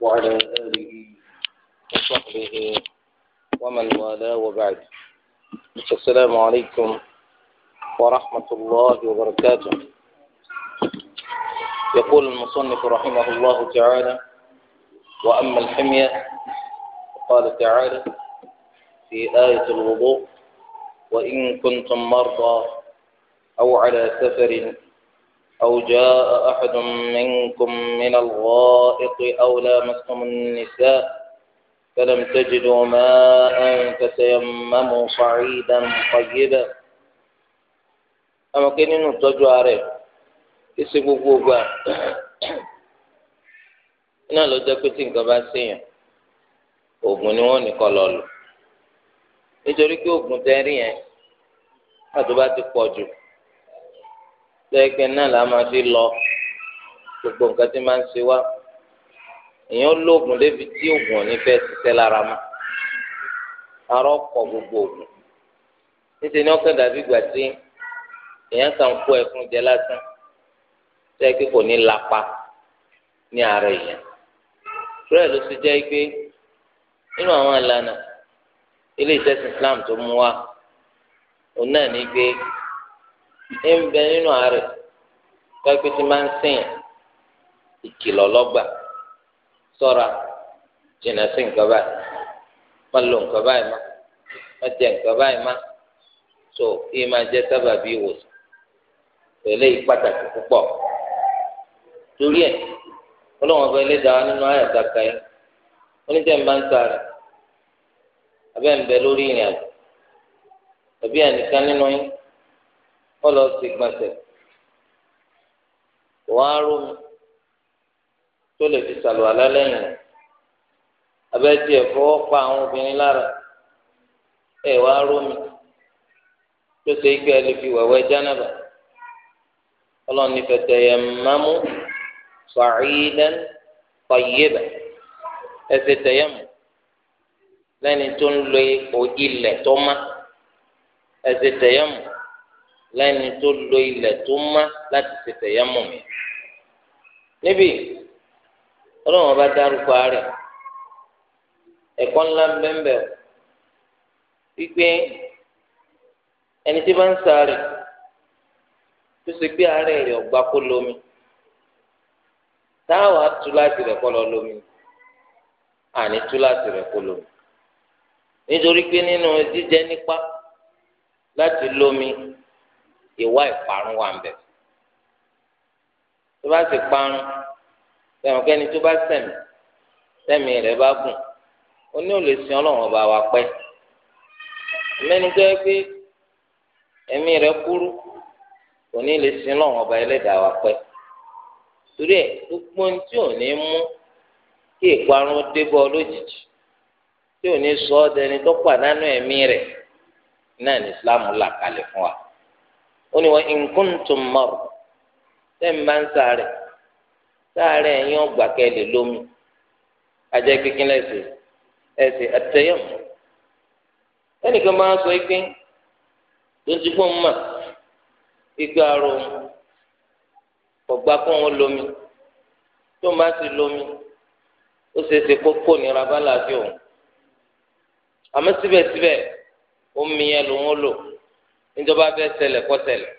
وعلى آله وصحبه ومن والاه وبعد السلام عليكم ورحمة الله وبركاته يقول المصنف رحمه الله تعالى وأما الحمية قال تعالى في آية الوضوء وإن كنتم مرضى أو على سفر أو جاء أحد منكم من الغائط أو لامستم النساء فلم تجدوا ماء فتيمموا صعيدا طيبا أما كان ينتج عليه يسيبوا بوبا إنا لو wọ́n nìkan lọ lò nítorí pé oògùn tẹ́rí yẹn àti bá ti nnkan ba seyan oogun ni won tẹ́ẹ̀kẹ́ náà là máa fi lọ gbogbo nǹkan tí máa ń ṣe wá èèyàn lóògùn débi tí oògùn ò ní fẹ́ ṣiṣẹ́ lára mọ́ arọ́ kọ gbogbo oògùn níṣẹ́ ni ọ̀kẹ́ dàbí ìgbà tí èèyàn kan kó ẹ̀fún jẹ lásán tẹ́ẹ̀kẹ́ kò ní lapa ní ara èèyàn rẹ̀ ló ti jẹ́ pé nínú àwọn ìlànà ilé ìtẹ́sí Islam tó mú wa òun náà ní pé. ń bẹ nínú àárẹ̀ pẹ́pẹ́tì máa ń sìn ìkìlọ̀ lọ́gbà sọ́ra jìnnà sí nǹkan báyìí má lo nǹkan báyìí má má jẹ nǹkan báyìí má tó kí máa jẹ sábà bí ìwòsàn pẹ̀lú ìpàtàkì púpọ̀ torí ẹ̀ ọba ẹlẹ́dàá nínú àyàtà kàyé oníjẹ́ ń bá ń sáré abẹ́ ń bẹ lórí ìrìn kọlọ ti gbọ̀nsẹ̀ wọn á rómi tó lè fi sàlù alálẹyìn rẹ abẹ́tí ẹ̀ fọwọ́ pa àwọn obìnrin lára ẹ̀ wá rómi tó ṣe ike ẹ lè fi wẹ̀wẹ́ jánàbà ọlọ́run ní fẹ̀tẹ̀ yẹ mọ́mú sàrídán fàyébà ẹsẹ̀ tẹ̀yẹ̀mù lẹ́ni tó ń lo ilẹ̀ tó má ẹsẹ̀ tẹ̀yẹ̀mù lẹ́ni tó lo ilẹ̀ tó má láti tètè yá mọ̀ mi. níbi ọlọ́run bá dárúkọ rẹ̀ ẹ̀kọ́ ńlá bẹ́ẹ̀ wípé ẹni tí bá ń sáré tó ṣe pé àárẹ̀ rẹ̀ ọ̀gbá kó lómi táwa tú láti rẹ̀ kọ́ lọ lomi. àní tú láti rẹ̀ kó lómi nítorí pé nínú jíjẹ nípa láti lómi ìwà ìparun wà ń bẹ tó bá sì parun sẹ̀wọ̀n kẹ́ni tó bá sẹ̀mí sẹ̀mí rẹ̀ bá gùn ó ní ò lè sin ọlọ́run ọba wa pẹ́ mẹ́ni tó yẹ pé ẹ̀mí rẹ̀ kúrú kò ní lè sin ọlọ́run ọba ẹlẹ́dàá wa pẹ́ torí ẹ̀ gbogbo ohun tí ò ní mú kí ìparun dé bọ́ lójijì tí ò ní sọ ọ́ dẹni tó pàdánù ẹ̀mí rẹ̀ náà ní Islam là kalẹ̀ fún wa ó ní wọn in kuntum marḍ tẹ́ ń bá ń sáré sáré ẹ̀yìn ọgbà kẹlẹ̀ lómi ajẹ́ kíkín lẹ́sẹ̀ ẹ̀sẹ̀ àtẹ̀yẹ̀mù ẹnìkan máa sọ pé tó ti fún mà igbá ro ọgbà kó wọn lómi tó máa sì lómi ó ṣe é ṣe kókó nira bá làáfíà òun àmọ́ síbẹ̀síbẹ̀ omi yẹn lòún lò níjọba fẹ́ ṣẹlẹ̀ kó ṣẹlẹ̀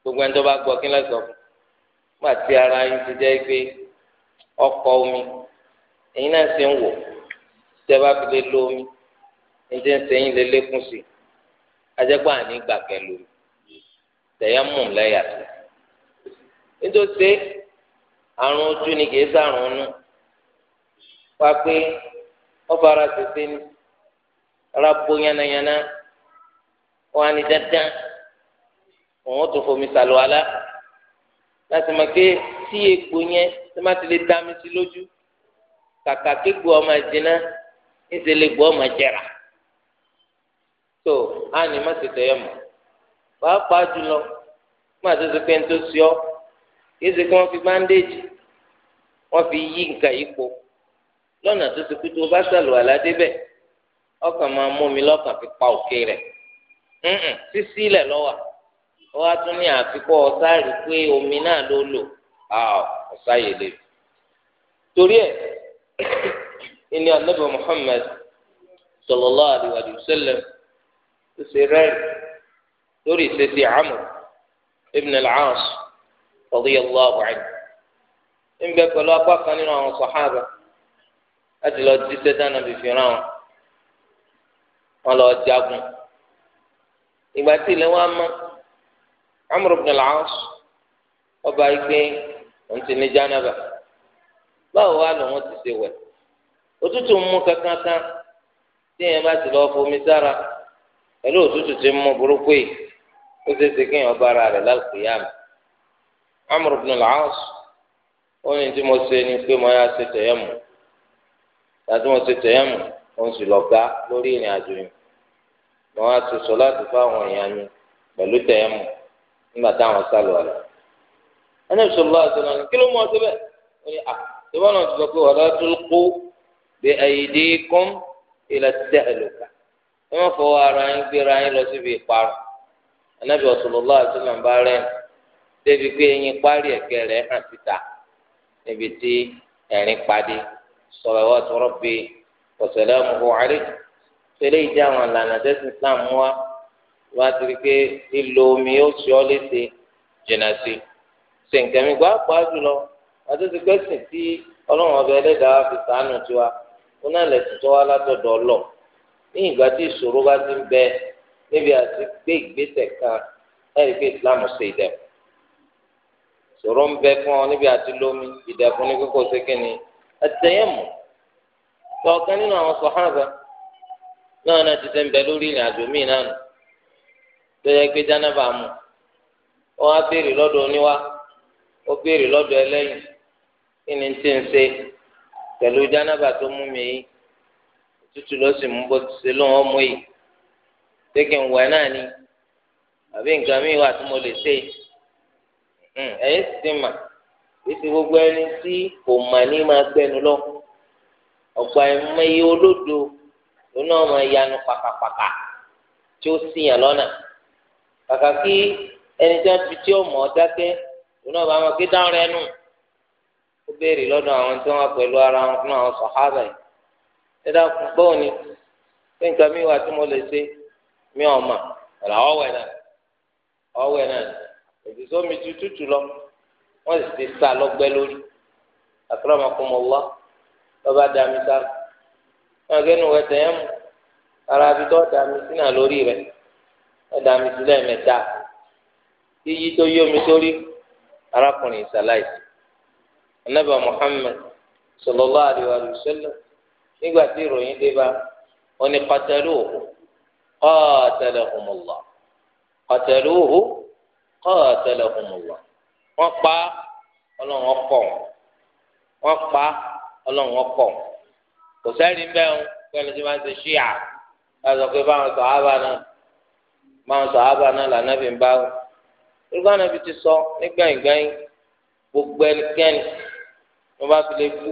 gbogbo ẹni tó bá gbọ́ kí lẹsọ fún àti ara yín ti jẹ́ pé ọkọ̀ omi èyí náà ṣe ń wò tẹ́ bá fi lè lo omi ní ti ń sẹ́yìn lé lékún sí i ajẹ́pọ̀ àní gbà kẹlò tẹ̀yẹ́mù lẹ́yà tó nítorí àrùn ojú ni kìí sàrùn nù wá pé ọba ara tètè ní ara bó yánnayànna wọn á ní dandan òun tó fomi sàlùwàlá láti mọ̀ pé tí egbò yẹn tó má ti lè dá mi sí lójú kàkà kégbò ọmọ jìnnà níṣẹ́ lè gbọ́ ọmọ jẹrà tó á ní má ti tẹ̀yọ̀ mọ́ pàápàá jùlọ má tó ti pé ní tó sí ọ kí ẹsẹ̀ kí wọ́n fi báńdéèjì wọ́n fi yí nǹkan yìí po lọ́nà tó ti kú tó bá sàlùwàlá débẹ̀ ọkàn máa mú mi lọ́kàn fi pa òkè rẹ̀. sísí ilẹ̀ lọ́wọ́ wọ́n á tún ní àfikọ́ ọ̀sáàrí pé omi náà ló lò ọ̀sáàyè lè torí ẹ̀ ìní anábì Muhammad sallallahu alaihi tó ṣe lórí ìṣesí ibn al-As radiyallahu anhu ń bẹ pẹ̀lú apá kan nínú àwọn sàhábà láti lọ jí sẹ́tàn lọ jagun. ìgbà tí ilẹ̀ wọn mọ́ Amr ibn al-As ọba ìgbé òun ti ní jánaba báwo wá lòun ti ṣe wẹ̀ òtútù mú kankankan tí yẹn bá ti lọ fomi sára pẹ̀lú òtútù tí mú burúkú yìí ó ṣe ṣe kí yẹn ọba ara rẹ̀ Amr as tí mo ṣe ni pé mo yá ṣe mo ṣe sì lọ gbá lórí ìrìn wọn á ti sọ láti fáwọn èèyàn mi pẹ̀lú tẹ̀yẹ́mù nígbà táwọn sálọ ni kí ló mọ ọtí bẹ́ẹ̀ ó ní à ah, ìwọ́n náà ti sọ pé ọ̀dọ́ tó kó bí ẹ̀yìndé kún ilẹ̀ tẹ̀ ẹ̀lòkà ẹ má ara yín gbéra yín lọ síbi ìparun débi pé eyín parí hàn síta níbi tí padì bí tẹlẹ ìdí àwọn ìlànà tẹsí islam wa wá ti pé omi ó sọ léṣe jìnnà sí ṣe nǹkan mi gbàgbọ́ jùlọ wọ́n ti gbẹ́sìn tí ọlọ́run ọbẹ̀ ẹlẹ́dàá fi sàánù tiwa ó náà lẹ̀sìn tó wá látọ̀dọ̀ ọlọ́ ní ìgbà tí ìṣòro bá ti ń bẹ níbi àti gbé ìgbésẹ̀ kan ẹ̀rí pé islam ṣe ìdẹ̀kùn ìṣòro ń bẹ fún ọ níbi àti lómi ìdẹ̀kùn ní kókó ṣe ni ẹ̀tẹ̀yẹ̀mù tọ̀ọ̀kan nínú àwọn náà náà ti sẹ́ ń bẹ lórí ìrìn àjò míì náà nù tó yẹ pé jánábà mu ó wá béèrè lọ́dọ̀ oníwá ó béèrè lọ́dọ̀ ẹlẹ́yìn kí ni tí ń ṣe pẹ̀lú jánábà tó mú mi yìí tútù ló sì mú bó ti ṣe lóun ó yìí pé kí n wẹ̀ náà ni àbí nǹkan míì wà tí mo lè ṣe hmm, ẹ̀yìn sì mà títí gbogbo ẹni tí kò mà ní máa gbẹnu lọ ọ̀pọ̀ ẹ̀mọ olódo òun náà máa yanu pàkàpàkà tí ó ṣìyàn lọ́nà kàkà kí ẹni tí wọ́n fi tí ó mọ̀ ọ́ dákẹ́ òun náà bá wọn kí dáhùn rẹ nù ó béèrè lọ́dọ̀ àwọn tí wọ́n pẹ̀lú ara wọn fún àwọn sọ̀hábà yìí nígbà gbọ́n ni pé nǹkan mi wà tí mo lè ṣe mi ò mà ọ̀là ọ̀wẹ̀ náà ọ̀wẹ̀ náà òṣìṣẹ́ omi ti tútù lọ wọ́n sì ti sá lọ́gbẹ́ lórí àkàrà wá lọ́ba dá mi sáré. agẹnu ẹsẹ yẹn mu ara bi tó da mi sí náà lórí rẹ ẹdá mi sí lẹ́ẹ̀mẹ́ta yíyí tó yí omi sórí arákùnrin ìsàlàyé anábà Muhammad sallallahu alaihi wa nígbà tí ìròyìn dé bá wọn ni qataluhu wọn pa Ọlọ́run ọkọ wọn pa Ọlọ́run kò sẹ́ni bẹ́ẹ̀ ń pẹ́ẹ́ni tí wọ́n ti ṣí à lọ́sọ̀ pé báwọn sàhábà náà báwọn sàhábà náà lànàbì ń bá wọn. irúgbọ́n náà fi ti sọ nígbàyìngbàyìn gbogbo ẹnikẹ́ni wọ́n bá fi lè kú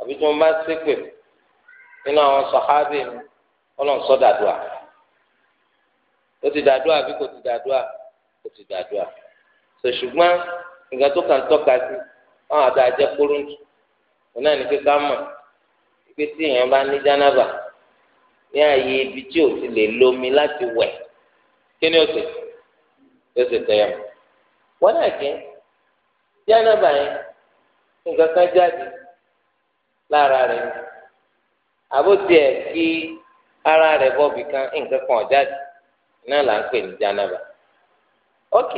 àbí tí wọ́n bá ṣépè nínú àwọn sàhábì mi ọlọ́run sọ dàdúà ó ti dàdúà àbí kò ti dàdúà kò ti dàdúà ṣùgbọ́n nǹkan tó kàn tọ́ka sí àwọn àti àjẹkóró náà ní kíkà mọ̀ pé tí èèyàn bá ní jánábà ní ààyè ibi tí ò ti lè lómi láti wẹ̀ kí ni ó sì yóò sì tẹ̀yà mọ́. wọ́n náà kí jánábà yẹn nǹkan kan jáde lára rẹ̀ àbótí ẹ̀ kí ara rẹ̀ bọ́ọ̀bì kan nǹkan kan jáde náà là ń pè ní jánábà. ok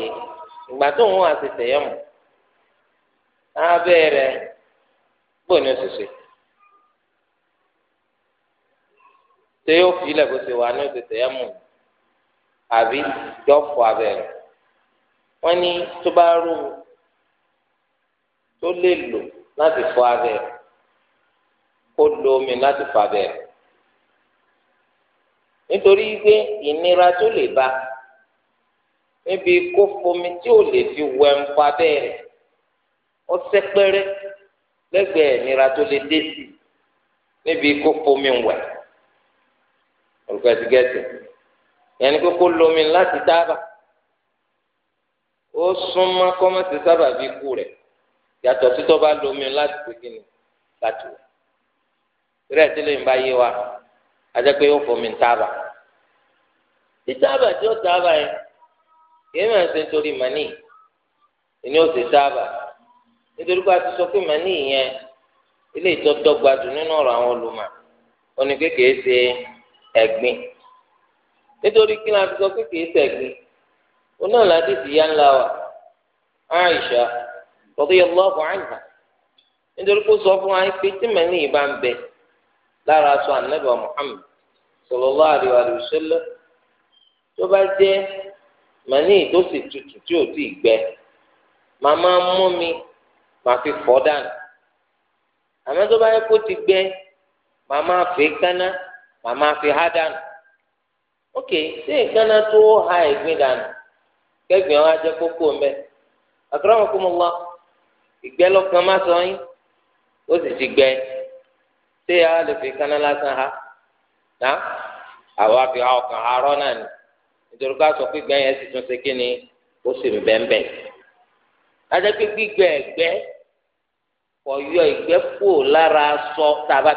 ìgbà tó ń wọ́n àti tẹ̀yà mọ́ abẹ́ rẹ̀ bóyá ó sì ṣe. ṣé yóò fi ilẹ̀ bó ṣe wà ní oṣù tẹ̀yẹ́ mú àbí yóò fọ abẹ́ rẹ̀ wọ́n ní tó bá rú tó lè lò láti fọ abẹ́ rẹ̀ kó lo omi láti fọ abẹ́ rẹ̀ nítorí pé ìnira tó lè bá níbi kó fomi tí ò lè fi wẹ̀ ń fọ abẹ́ ó sẹ́pẹ́rẹ́ lẹ́gbẹ̀ẹ́ ìnira tó lè dé sí níbi kó fomi wẹ̀ olùkọ́ ti gẹ̀ẹ́sì yẹn ni kókó lomi láti dábà ó súnmọ́ kọ́mọ́sì sábà bí ikú rẹ̀ yàtọ̀ títọ́ bá lomi láti pèkì ni láti wẹ̀ rẹ̀ tí lè ń bá yé wa ajẹ́ pé ó fomi tábà títábà tí ó tábà yẹn kìí máa ṣe nítorí màní ìní ó sì tábà nítorí pé a ti sọ pé màní yẹn ilé ìtọ́jú dọ́gba nínú ọ̀rọ̀ àwọn olùmọ̀ ó ní kékeré ṣe é. egbe nítorí kí ni a ti sọ pé kìí ṣẹ̀gbin òun náà láti ńlá Aisha radiyallahu anha nítorí kó sọ fún wa pé tí mẹ́rin yìí bá ń bẹ lára aṣọ Muhammad sallallahu alaihi wa tó bá jẹ́ mẹ́rin tó tí ò mi màá fi fọ́ dànù àmọ́ tó bá yẹ kó ti gbẹ màmá fi ha dànù ok ṣé ìkànnà tó ha ìgbín dànù kẹgbìn wa jẹ kókó mbẹ akramakumullah ìgbẹ́ lọ́kàn má sọ yín ó sì ti ṣé a lè fi ìkànnà lásán ha ná àwa fi ha ọkàn arọ náà ni nítorí ká sọ pé gbẹ sì tún ṣe ni ó sì ń bẹ́ńbẹ́ adé pé gbígbẹ ẹgbẹ kọyọ ìgbẹ kúrò lára sọ tá a bá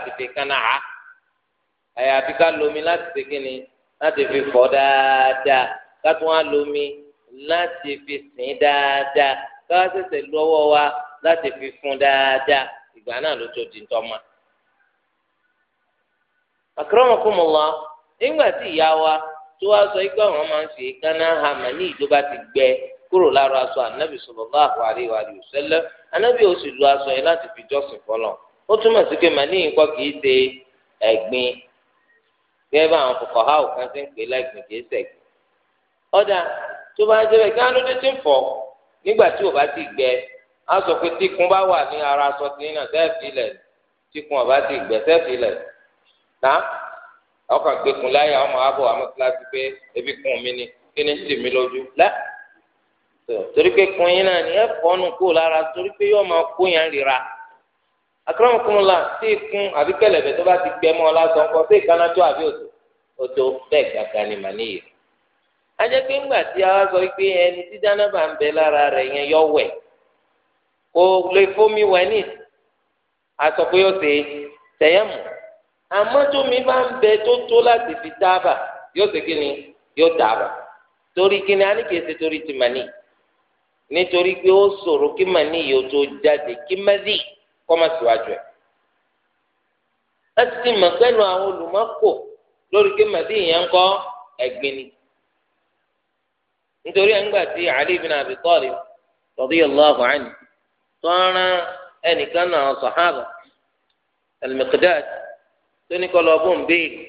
ha. aya ká lomi láti ṣe kíni láti fi fọ dáadáa ká tún á lomi láti fi sìn dáadáa ká ṣẹ̀ṣẹ̀ wa láti fi fún dáadáa ìgbà náà ló tó di ntọ́mọ. akramakumullah nígbà tí ìyá wa tó wá sọ ikú àwọn máa ń fi kánná hàmà ní ìjọba ti gbẹ kúrò lára aṣọ ànábì sallallahu alaihi wa sallam ànábì ó sì lu aṣọ yẹn láti fi jọ́sìn fọlọ́ ó túmọ̀ sí pé ṣe ẹ̀gbin gẹ́gẹ́ bá àwọn kòkò ha òkan ṣe ń pè lẹ́gbìn kì í sẹ̀gbìn. ọ̀dà tó bá ń ṣe bẹ́ẹ̀ kí wọ́n lóde ti ń fọ̀ nígbà tí ò bá ti gbẹ á sọ pé tíkun bá wà ní ara aṣọ tí náà sẹ́ẹ̀fì ilẹ̀ tíkun ọ̀bá ti gbẹ sẹ́ẹ̀fì ilẹ̀ ná ọkàn gbẹkùn láyà ọmọ abọ àmọ́ kíláàsì pé ebi kùn mí ni kí ni sì mí lójú lẹ́ torí pé kun yín náà ni ẹ fọ́nù kó lára torí pé yóò máa kó yẹn rira akọrọmọkùnrinla tí ikùn àbí kẹ̀lẹ̀bẹ̀ tó bá ti gbẹ mọ́ lásán kọ sí ìkánájọ àbí òtò òtò bẹ́ẹ̀ gàgà ni mà níyì. ajẹ́ pé ńgbà tí a wá sọ pé ẹni tí jánábà ń bẹ lára rẹ̀ yẹn yọ wẹ̀ kò lè fómi wẹ̀ ní àsọ pé ó ṣe tẹ̀yẹ̀mù àmọ́ tó mi bá ń bẹ tó tó láti fi dáàbà yóò ṣe kí ni yóò dáàbà torí kí ni a ṣe torí ti mà níyì nítorí pé ó ṣòro kí mà níyì ó tó jáde kí mẹ́sì. kọ́mọ̀síwájú ẹ̀. láti ti mọ̀ pẹ́lú àwọn olùmọ́kò lórí pé màdí ìyẹn ń kọ́ ẹ̀gbin ni. nítorí ẹ̀ ń gbà tí Ali ibn Abi Talib radiyallahu anhu tó ń rán ẹnìkan náà sàhábà al-Miqdad tó ní kọ́ lọ bó ń béèrè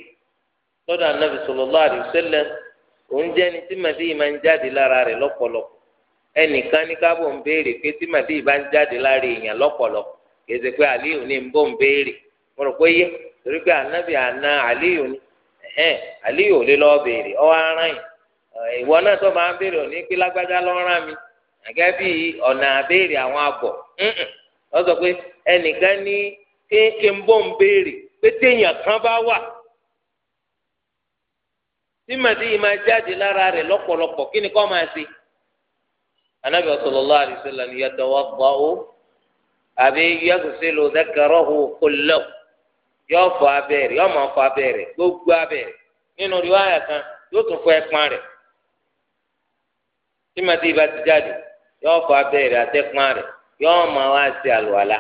lọ́dọ̀ anabi òun jẹ́ tí ń jáde lára kèsè pé aliyu ni nbọ ń béèrè mo rò pé yé anabi aliyu ni ẹhẹn aliyu ò lè lọ ọ ara yìí ìwọ náà tó máa ń béèrè òní pé lágbájá lọ rán mi gẹ́gẹ́ bí ọ̀nà àbéèrè àwọn àbọ̀ wọ́n sọ pé ẹnìkan ní kéèké ń bọ̀ pé téèyàn kan bá wà tí máa jáde lára lọ́pọ̀lọpọ̀ kí ni máa ṣe anabi àbí yọ́sọ̀sẹ́lò dẹ́kẹ̀rọ́hù kọlọ́ yọ́ fọ abẹ́rẹ́ yọ́ máa fọ abẹ́rẹ́ gbogbo abẹ́rẹ́ nínú riwaya kan yóò tún fọ ẹ̀pọ̀n rẹ̀ tímọ̀tì ìbá ti jáde yọ́ fọ abẹ́rẹ́ àtẹ̀pọ̀n rẹ̀ yọ́ máa wá sí àlùwàlà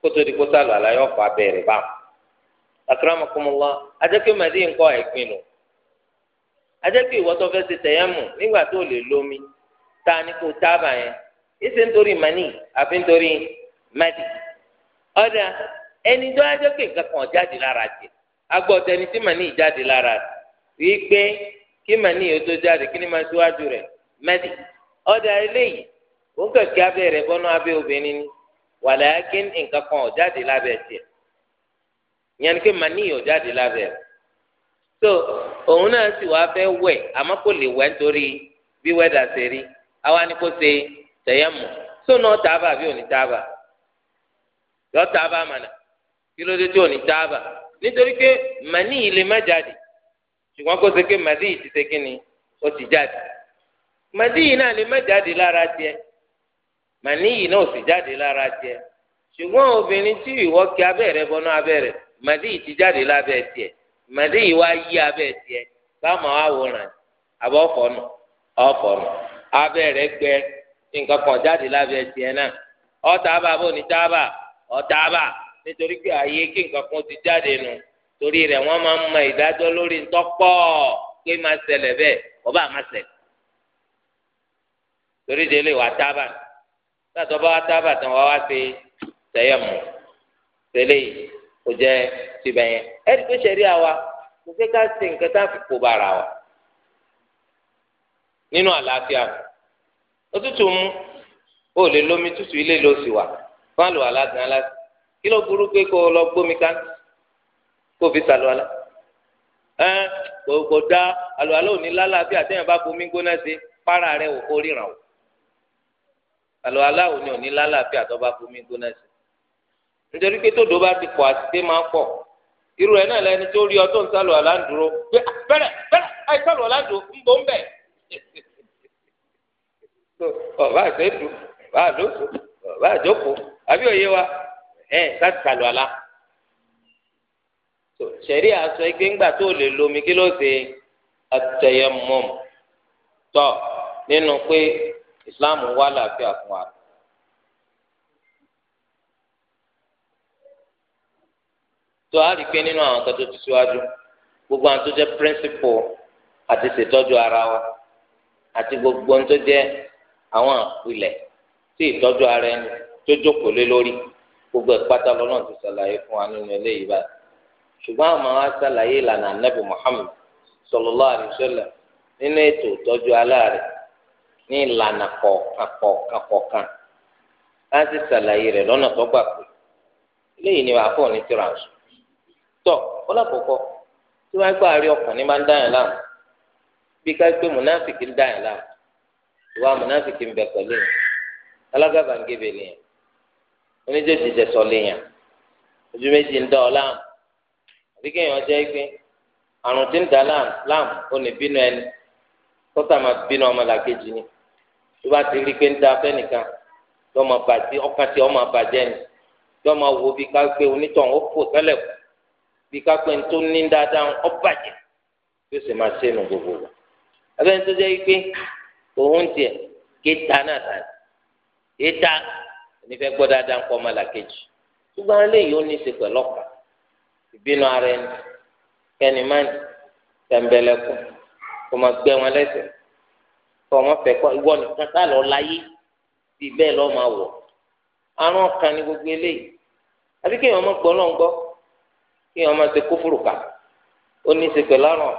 kótó di kótó àlùwàlà yọ́ fọ abẹ́rẹ́ adékè adékè nígbà tó lè lómi kò tábà yẹn nítorí àfi nítorí mẹ́tì ọ̀dà ẹni tó ajọ́ pé nǹkan kan jáde lára jẹ agbọ̀dọ̀ ẹni tí màní jáde lára rí kí màní yóò tó kí ni máa síwájú rẹ̀ mẹ́tì ọ̀dà eléyìí kẹ̀kẹ́ rẹ̀ bọ́nú abẹ́ obìnrin ni wàlàyé nǹkan kan ò jáde lábẹ́ tiẹ̀ ìyẹn ni màní yóò jáde lábẹ́ rẹ̀ so òun náà sì wá fẹ́ wẹ̀ àmọ́ kò lè wẹ̀ nítorí bí wẹ́dà ṣe rí ni kò ṣe mọ̀ òní yọ tábà mana kí ló dé tí ò ní tábà nítorí pé màní yìí lè má jáde ṣùgbọ́n kó yìí ti ni o ti jáde màdí yìí náà lè má jáde lára tiẹ̀ màní yìí náà ò sì jáde lára tiẹ̀ ṣùgbọ́n obìnrin tí ìwọ kí abẹ́rẹ́ bọ́nú abẹ́rẹ́ màdí yìí ti jáde lábẹ́ tiẹ̀ màdí yìí wá yí abẹ́ tiẹ̀ báwọn àwòrán àbọ̀ ọ̀fọ̀nù abẹ́rẹ́ gbẹ nǹkan kan jáde lábẹ́ náà ọ̀tàbà nítorí pé ààyè kí nǹkan kan ti jáde nù torí rẹ̀ wọ́n máa ń mọ ìdájọ́ lórí ntọ́pọ̀ pé máa ṣẹlẹ̀ bẹ́ẹ̀ ọba àmà ṣẹlẹ̀ torí délé wà tábà látọ̀ bá wà tábà tán wà wá sí tẹ̀yẹ̀ mọ́ tẹ́lẹ̀ yìí ó jẹ́ tibẹ̀ yẹn ẹ̀rí pé ṣẹ̀rí àwa kò fẹ́ ká ṣe nǹkan tá a fi kó bára wa nínú àlàáfíà òtútù mú ó lè lómi tútù ilé ló sì wà fáàlù aláàdùn aláàdùn kí ló burú pé kó lọ gbómi ká kó fi sàlù alá ẹ gbogbo dá àlùalá òní lálá bí àtẹ̀yìn bá bomi gbóná sí para rẹ wò kó ríran o àlùalá òní òní lálá bí àtọ́ bá bomi gbóná sí nítorí pé tódò bá ti pọ̀ àti dé máa pọ̀ irú ẹ̀ náà lẹni tó rí ọ tó ń sálù alá ń dúró pé ah, bẹ́rẹ̀ bẹ́rẹ̀ àì sálù alá ń dúró ń bọ̀ ń bẹ̀ ọ̀bá àṣẹ dùn ọ̀bá àdókò ọ̀bá àjókòó. àbí òye wa ẹ láti sàlù àlá sẹ̀rí àṣọ ẹgbẹ́ ńgbà tó lè lomi kí ló ṣe àtẹ̀yẹmọ́m Islam wà láàfin àfún wa. tó a rí pé nínú àwọn kan tó ti síwájú gbogbo àwọn tó ati principle àti ara wa àti gbogbo tó jẹ́ àwọn àpilẹ̀ sí ìtọ́jú ara ẹni tó jókòó lé lórí gbogbo ìpátá lọ́nà ti ṣàlàyé fún wa nínú eléyìí báyìí ṣùgbọ́n àmọ́ wa ṣàlàyé ìlànà anábì Muhammad sallallahu nínú ètò ìtọ́jú aláàrẹ̀ ní ìlànà kọ̀ọ̀kan kọ̀ọ̀kan láti ṣàlàyé rẹ̀ lọ́nà tó gbà pé eléyìí ni wàá fọ̀ ní tìrànsù tọ́ tí wọ́n gbà rí ọkàn ní máa ń dáyàn láàmú bí ká gbé ń dáyàn láàmú ìwà oníjèjì jẹ sọ léèyàn ojú méjì ń dá ọ láàmú àbí kéèyàn jẹ́ pé àrùn tí ń dá láàmú ó ní bínú ẹni tọ́tà máa bínú ọmọlàkejì ni tó bá ti rí pé ń da fẹ́nìkan yọmọ bàjẹ́ ọkàn tí ọmọ bàjẹ́ ni yọmọ wo bí ká gbé onítàn ó fò tẹ́lẹ̀ kù bí ká gbé tó ní dáadáa ó bàjẹ́ yóò sì máa ṣe é nu gbogbo wa abẹ́ni tó jẹ́ pé òun tiẹ̀ kéta náà tà kéta. nífẹ̀ẹ́ gbọ́ dáadáa ń kọ́ ọmọ làkejì ṣùgbọ́n eléyìí ó ní ṣe pẹ̀lú ọ̀pọ̀ ìbínú ara ẹni kẹ́ni máa ń tẹ̀m̀bẹ̀lẹ̀kùn kó máa gbẹ́ wọn lẹ́sẹ̀ kó wọn fẹ́ kọ́ ìwọ nìkan tá lọ láyé bí bẹ́ẹ̀ lọ́ máa wọ̀ àrùn ni gbogbo eléyìí máa gbọ́ náà máa ṣe ó ní ṣe pẹ̀lú àrùn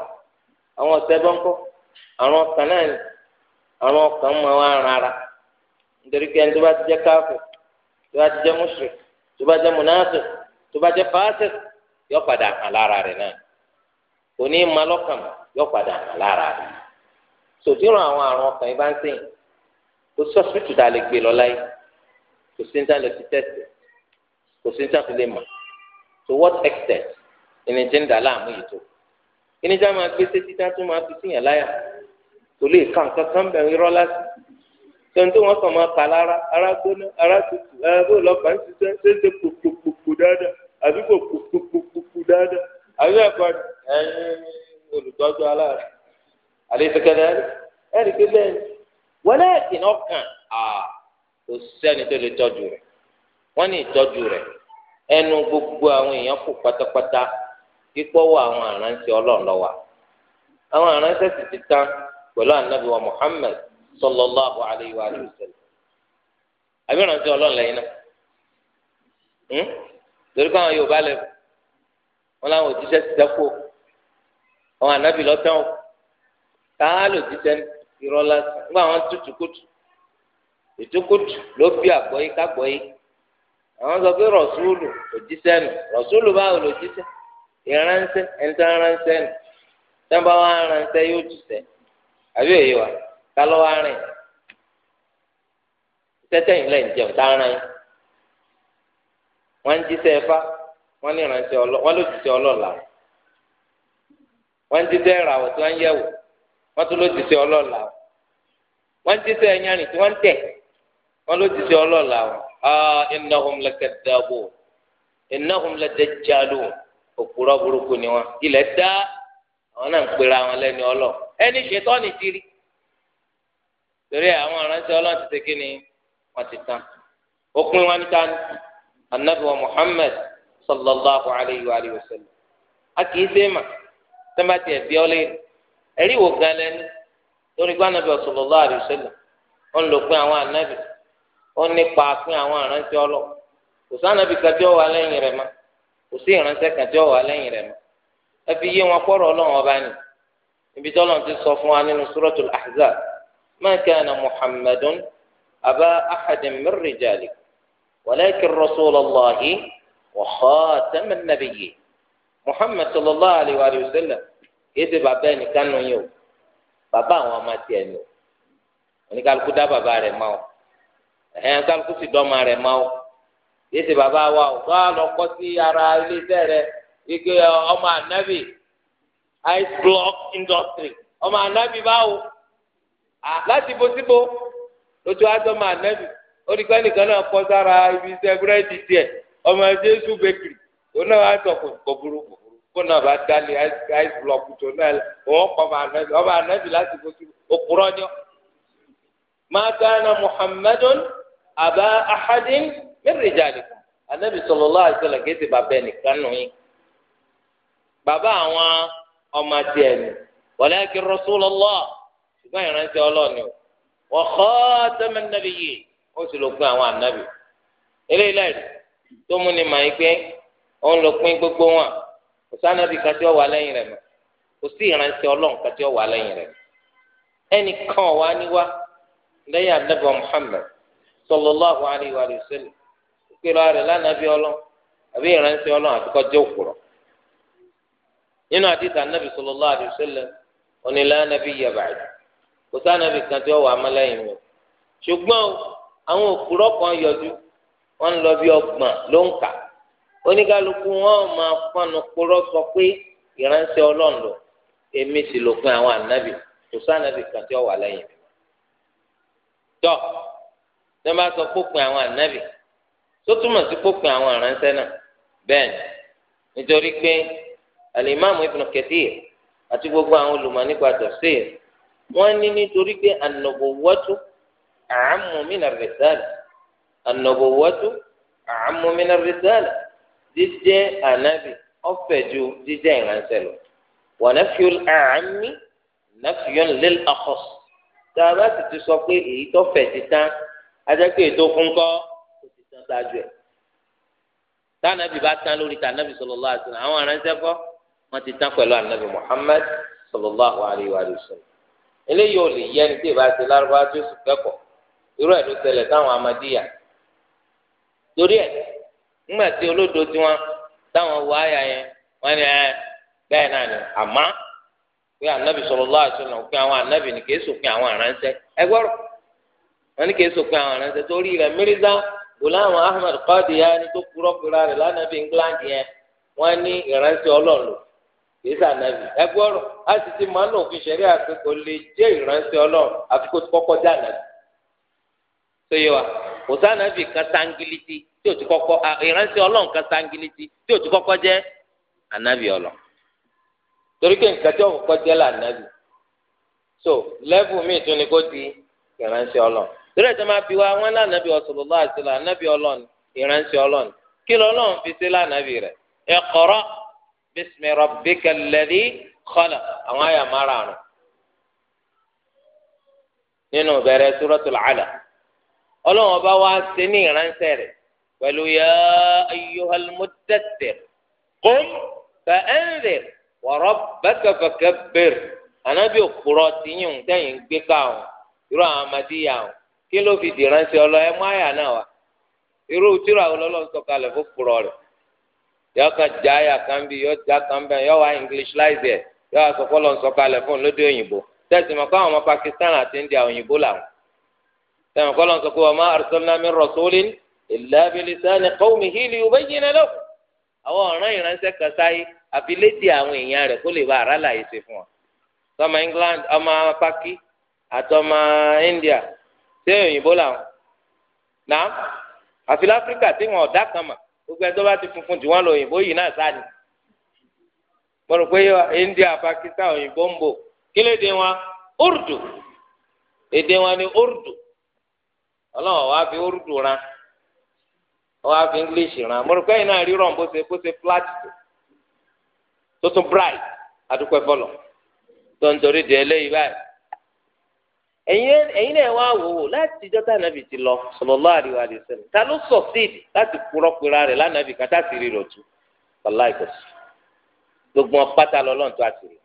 àwọn bọ́ ń kọ́ àrùn náà ara nítorí ẹni tó bá tó bá jẹ́ mùsùlùm tó bá jẹ́ mùnásì tó bá jẹ́ fàásì yọ padà hàn lára rẹ̀ náà kò ní ma lọ́kàn yọ padà hàn lára rẹ̀ sòtìrọ̀ àwọn àrùn ọkàn yìí bá ń sìn kò sí ọ̀sìpìtì tá a lè gbé lọ láyé kò sí ní tá a lè kò sí ní tá a lè mọ̀ to what extent ìní ti ń dà láàmú yìí tó ìní tá a máa gbé sétí tá a tún máa fi síyàn láyà kò lè ka nǹkan bẹ̀rù irọ́ lásìkò. tẹ̀ǹtẹ̀ wọn kàn máa kà lára ara gbóná ara tutù ẹ bó lọ́kàn ń ṣiṣẹ́ ṣe é ṣe kùkùkùkù dáadáa àbí kò kùkùkùkù dáadáa àbí ẹ̀kọ́ ẹ̀yin olùtọ́jú aláàrẹ àlẹ́ ìtẹ̀kẹ́dẹ́ ẹ̀rí pé bẹ́ẹ̀ náà kì náà kàn á kò sẹ́ni tó lè tọ́jú ní ẹnu gbogbo àwọn èèyàn pátápátá kíkọ́ wọ àwọn ọlọ́ọ̀lọ́wà àwọn sì ti sallallahu alayhi wa sallam àbí ìrántí ọlọ́run lẹ́yìn náà hmm? torí káwọn yorùbá lẹ wọn làwọn òjíṣẹ́ ti dẹ́kù àwọn ànábì lọ́tàn káwọn lòjíṣẹ́ irọ́ lásán nígbà wọn tutù kùtù ìtukùtù ló bí àgbọ̀yé kágbọ̀yé àwọn sọ pé rọ̀súlù òjíṣẹ́ nù rọ̀súlù báwo lòjíṣẹ́ ìránṣẹ́ ẹ̀ńtẹ́ ránṣẹ́ nù tẹ́ńbà wọn ránṣẹ́ yóò jùṣẹ́ àbí òye wa. kálọ́ wá rìn tẹ́tẹ́ yìí lẹ́yìn jẹun tá a rìn wọ́n wọn jíṣẹ́ ẹ̀fá wọ́n ní ìránṣẹ́ ọlọ́ wọ́n ló jíṣẹ́ ọlọ́ọ̀la wọ́n ń jíṣẹ́ tí wọ́n ń yẹ̀wò wọ́n tún ọ ah burúkú ni dá àwọn náà ń pera wọn lẹ́ni ọlọ́ ẹni ṣètọ́ ni ti torí àwọn aránṣẹ́ Ọlọ́run ti ṣe ni wọ́n ti tán òpin wọn ní anabi wa Muhammad sallallahu alayhi wa alihi wa sallam a kì í sèémà sẹ́mbà tiẹ̀ bí ọ́lẹ́ wò gan wa sallallahu alayhi wa sallam ó ń lò àwọn anabi ó pín àwọn kò sí anabi kan tí ó wà kò sí kan tí ó wà ẹ fi yé wọn ọba ni ibi ما كان محمد أبا أحد من رجالكم ولكن رسول الله وخاتم النبيين محمد صلى الله عليه وآله وسلم yéésì bàbá ẹnìkan nù yín o bàbá àwọn ọmọ tiẹ̀ nù oníkàlùkù dá bàbá rẹ̀ mọ́ o ẹ̀hẹ́n kàlùkù sì dọ́mà rẹ̀ mọ́ o yéésì bàbá wa o bá lọ kọ́ sí ara iléeṣẹ́ rẹ̀ ike ọmọ anabi ice block industry ọmọ anabi báwo láti bo síbo lójú àjọ máa nẹ́bi oníkan nìkan náà kọ́ sára ibi iṣẹ́ búrẹ́dì tiẹ̀ ọmọ jésù bẹ́kìrì òun náà wá sọ kò burú kò burú kó náà bá dálé ice block tó náà òun kọ́ máa nẹ́bi ọmọ nẹ́bi láti bo síbo òkúrọ́ ni ọ́. máa gánà muhammadun àbá ahadin min rijalikum anabi sallallahu alaihi wasallam kéde bàbá ẹnìkan nù yín bàbá àwọn ọmọ tiẹ̀ ni walakin rasulullah. ṣùgbọ́n ìránṣẹ́ ọlọ́ọ̀ni o wa khataman nabiyyin ó sì ló pín àwọn ànábì eléyìí láì tó mú ni mà í pé pín gbogbo wọn kò lẹ́yìn rẹ̀ mọ́ kò sí wà níwá lẹ́yìn ànábì ìpèrò rẹ̀ yẹ báyìí. kò sànàbì kan tí ó wà amálẹ́yìn mi ṣùgbọ́n àwọn òkúrọ̀ kan yọjú wọ́n ń lọ bí ọgbọ̀n ló ń kà oníkálukú wọn máa fọnù sọ pé ìránṣẹ́ ọlọ́run èmi sì àwọn ànábì kò kan tí ó wà lẹ́yìn mi tọ́ tí wọ́n bá sọ pópin àwọn ànábì tó túmọ̀ sí pópin àwọn náà bẹ́ẹ̀ ni alimami àti gbogbo àwọn olùmọ̀ nípa wọ́n ní nítorí pé an-nubuwwatu a'ammu mina r-risala an-nubuwwatu a'ammu mina r-risala jíjẹ́ ànábì ọ̀fẹ́ ju jíjẹ́ ìránṣẹ́ lọ wa nafyul a'ammi nafyun lil-akhas tá a bá sì ti sọ pé èyí tó fẹ̀ ti tán ètò fúnkọ́ kò ti tán ṣáájú ẹ̀ tànàbì bá tán lórí tànàbì sallallahu alaihi wasallam àwọn aránṣẹ́ kọ́ wọ́n ti tán pẹ̀lú ànàbì Muhammad sallallahu alaihi wasallam. eléyìí ò lè yẹ ẹni tí ìbá ti lárúbá tó iro kẹ́kọ̀ọ́ irú ẹ̀ ló ṣẹlẹ̀ táwọn amadíyà torí ẹ̀ nígbà tí olódo tiwọn táwọn wọ àyà yẹn wọn ni ẹ bẹ́ẹ̀ náà ni àmọ́ pé anabi sallallahu alaihi wasallam pé àwọn anabi ni kìí sòpin àwọn aránṣẹ́ ẹ wọn ni kìí sòpin àwọn aránṣẹ́ torí rẹ̀ tó kúrọ́ kúrọ́ lánàbí England yẹn wọn kìí sànàbì ẹgbọrọ láti ti lò fi ṣẹlẹ̀ àti lè jẹ ìránṣẹ́ Ọlọ́run àfi kọkọ jẹ ànàbì tó yẹ wa kò sànàbì kan ti kan tí o ti kọkọ jẹ ànàbì ọlọ torí pé nǹkan tí jẹ là so lẹ́bù mi tún ni kò di ìránṣẹ́ Ọlọ́run torí ẹ̀sẹ̀ máa fi wá wọn ní ànàbì ọ̀sọ̀lọ́lá àti kí lọ́lọ́run fi rẹ̀ bísí rọ̀bíkà lẹ́dí kọ́là àwọn àyà márààrún nínú bẹ̀rẹ̀ suratul Alaq ọlọ́run ọba wa ṣe ní ìránṣẹ́ rẹ̀ pẹ̀lú yá ayyuhal muddaththir qum fa anzir wa rabbaka fakabbir ànábì òkúrọ̀ tìyìn tẹ̀yìn gbé káwọn irú àwọn amadíyà wọn kí ló fi dìránṣẹ́ ọlọ́ ẹ mú àyà náà wá irú tíra ọlọ́lọ́ sọ̀kalẹ̀ fún kúrọ̀ rẹ̀ yọ kan já àyà kan bí yọ já kan bẹ yọ wá english láìsí ẹ yọ wá sọkọ lọ sọ̀kalẹ̀ fún lóde òyìnbó tẹsí mọ káwọn ọmọ pakistan àti india òyìnbó làwọn tẹmọ kọ lọ sọkọ ọmọ arsalnami rasulin illa bilisani qawmihi liyubayyina lahu àwọn ọ̀ràn ìránṣẹ́ kan sáyé àfi léde àwọn èèyàn rẹ̀ kó lè bá ara láyé ṣe fún ọ tọmọ england ọmọ paki àtọmọ india ṣé òyìnbó làwọn náà àfi láfíríkà tí wọn ọ̀dà kan mọ̀ gbogbo ẹjọ́ bá ti funfun tí wọn lọ òyìnbó yìí náà sáà ni mo rò pé India Pakistan òyìnbó ń bò kí ló dé wọn urdu èdè wọn ni urdu ọlọ́wọ́n fi urdu ran wá fi English ran mo rò pé iná rírọ̀ bó ṣe bó ṣe flat tó bright adúpẹ́ fọlọ̀ tó ń torí ẹ̀yin náà wá wò wò láti ìjọ tànàbì ti lọ sallallahu alaihi wa sallam ta ló sọ síìdì láti kúrọ pera rẹ̀ lánàbì kátà sí rírọ tu wàláì kò sí gbogbo wọn pátá lọlọ́run tó àṣírí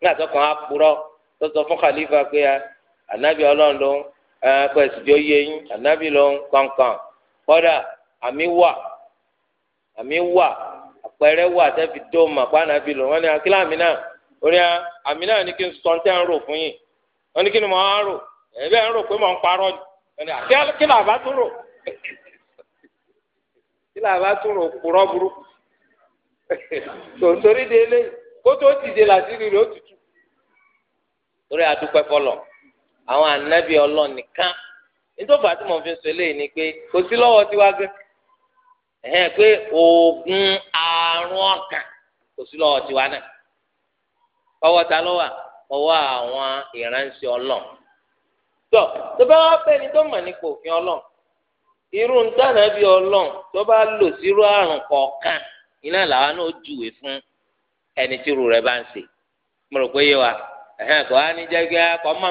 nígbà tó á kúrọ tó sọ fún khalifa pé ànábì ọlọ́run ló ń pẹ ìsìdíó yé yín ànábì ló ń kànkàn kódà àmì wà àmì wà àpẹẹrẹ wà tẹ́ fi dóòmù àpá ànábì ló wọn ni àkílà àmì náà orí àmì náà ni kí n sọ tẹ́ wọ́n ní kí ni mo á rò ẹ̀bẹ́ ń rò pé mo ń parọ́ ni kí là bá tún rò kí là bá tún rò kúrọ́ burúkú tòǹtòrí de kó tó dìde làtìrì ó tutù adúpẹ́ àwọn nìkan nítorí àti mọ̀ sọ eléyìí pé kò sí lọ́wọ́ tiwa pé ọwọ́ àwọn ìránṣẹ́ ọlọ́run tó tó bá wá bẹ́ni tó mọ̀ nípa òfin ọlọ́run irú ń dáná bí tó bá lò sírú àrùn iná náà fún ẹni tí irú bá ń ṣe mo rò pé yé wa ẹ̀hẹ́n kò á ní jẹ́gẹ́ kò mọ̀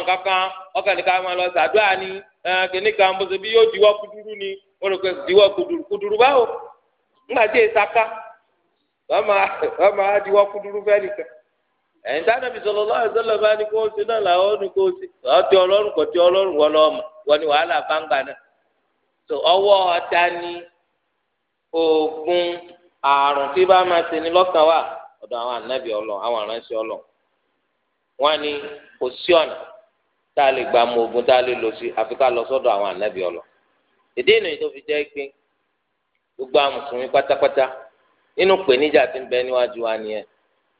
ni kìnní kan bó ṣe bí yóò diwọ́ kúdúrú ni mo rò pé ẹ̀yin tá nàbì sọ̀rọ̀ lọ́wọ́ ìṣẹ̀lẹ̀ bá ní kó o ṣe náà làwọn ní kó o ṣe ọtí ọlọ́run kò ọlọ́run lọ́mọ ní wàhálà náà tó ọwọ́ ọ̀tá ni oògùn àrùn tí bá máa ṣe ni lọ́kàn wà àwọn ànábì ọlọ́ àwọn aránṣẹ́ ọlọ́ wọn kò sí tá a gba mọ tá a lè sí àfi ká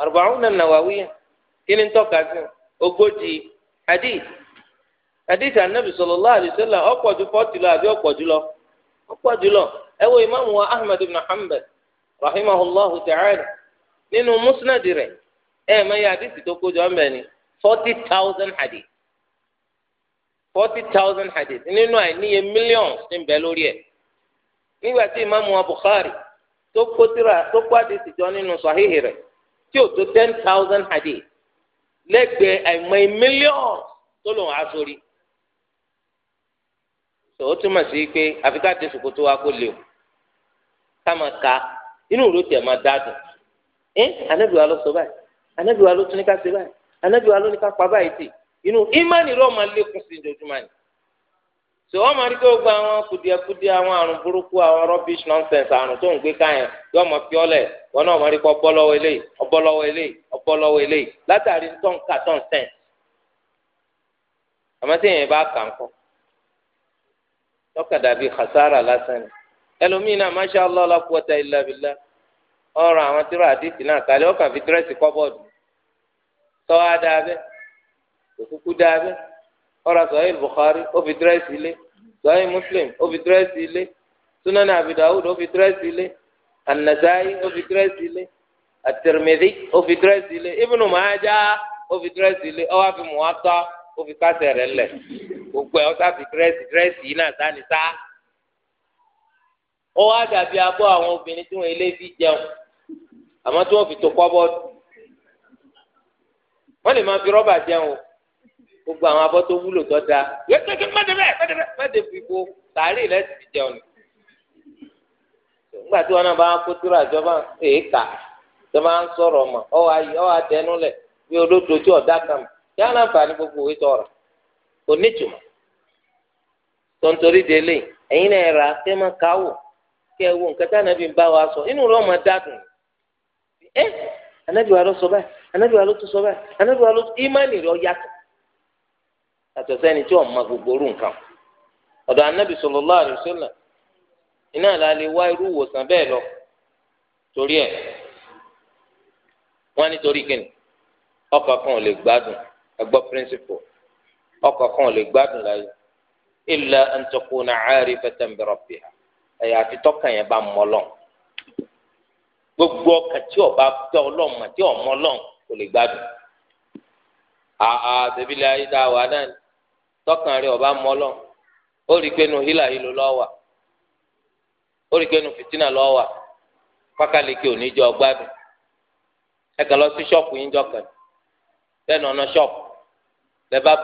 Arba'una ya kí ni tọ́ka sí ogójì hadith hadith anabi sallallahu alaihi wasallam ọ̀pọ̀ ju fọ́ọ̀tì lọ àbí ọ̀pọ̀ jùlọ lọ jùlọ ẹ wo ahmed ibn hanbal rahimahullahu ta'ala nínú musnad rẹ̀ ẹ hadith tó kó jọ mbẹ ni hadith forty hadith nínú àìníye millions ní bẹ lórí ẹ̀ tí ò tó ten thousand hadith lẹ́gbẹ̀ẹ́ àìmọye mílíọ̀n tó lòun á sórí tó o túmọ̀ sí pé àfi ká dé sòkòtò wa kó lè o ká máa ka inú ìró tiẹ̀ máa dáadùn ẹ anábìwá ló sọ báyìí anábìwá ló tún ní ká ṣe báyìí anábìwá ló ní ká pa báyìí tì inú ìmánì rọ̀ máa lékún sí ojoojúmọ́ ni. so wọ́n máa rí pé gbogbo àwọn kùdìẹ̀kùdìẹ̀ àwọn àrùn burúkú àwọn rubbish nonsense àrùn tó ń gbé káyẹn yóò mọ̀ fi ọlẹ̀ wọn náà máa rí pé ọbọ̀lọ́wọ́ eléyìí ọbọ̀lọ́wọ́ eléyìí ọbọ̀lọ́wọ́ eléyìí látàrí tọ́ǹkà tọ́ǹsẹ̀ǹ àmọ́ tí èèyàn bá kà ń kọ́ lọ́kàdà bíi khasara lásán ni ẹlòmíín náà masha Allah ọ̀rọ̀ sọ̀hìn Bukhari ó fi dírẹ́sì ilé sọ̀hìn Muslim ó fi dírẹ́sì ilé sunani Abi Dawud ó fi dírẹ́sì ilé An-Nasa'i ó fi dírẹ́sì ilé At-Tirmidhi ó fi dírẹ́sì ilé Ibnu Majah ó fi dírẹ́sì ilé ó wá fi Muwatta ó fi kásẹ̀ rẹ̀ lẹ̀ gbogbo ẹ̀ ọ́sà fi dírẹ́sì dírẹ́sì yìí náà sáni sá ó wá dàbí abọ́ àwọn obìnrin tí wọ́n ilé fi jẹun àmọ́ tí wọ́n fi tó kọ́ wọ́n lè máa fi rọ́bà jẹun o. gbogbo àwọn abọ́ tó wúlò tó da yẹ́kẹ́kẹ́ mẹ́tẹ̀bẹ́ mẹ́tẹ̀bẹ́ mẹ́tẹ̀ fi bo lẹ́sìn ti jẹun. nígbà tí wọn náà bá ń kó tóra ìjọba èèkà tó máa ń sọ̀rọ̀ ọmọ ọwọ́ ayé ọwọ́ adẹnulẹ̀ bí olódò tí ọ̀dà kan gbogbo òwe kò tontori délé ẹ̀yin náà ra wo nǹkan tí sọ inú ọmọ ọ yàtọ̀ yàtọ̀ sẹ́ni tí ọ̀ma gbogbo orú nǹkan ọ̀dọ̀ anábì sallallahu alaihi wasallam iná àlá lè wá irú ìwòsàn bẹ́ẹ̀ lọ torí ẹ̀ wọ́n á nítorí kíni ọkọ̀ kan ò lè gbádùn ẹgbọ́ píríncípù ọkọ̀ kan ò lè gbádùn láyé illa an takuna arifatan bi rabbiha ẹ̀yà àti yẹn bá mọ́ lọ́n gbogbo ọkàn tí ọba tẹ ọlọ́mọ tí ọmọ lọ́n kò lè gbádùn àà tẹ̀bílẹ̀ ayé dáa wà tọkàn rẹ ọba mọlọ ó rí i pé nu hílà yìí ló ó rí pé nu fìtínà lọ́wà pákàlẹ́kẹ́ ò ní jọ gbádùn ẹ lọ sí ṣọ́ọ̀pù yín jọ lẹ́nu ọ̀nà ṣọ́ọ̀pù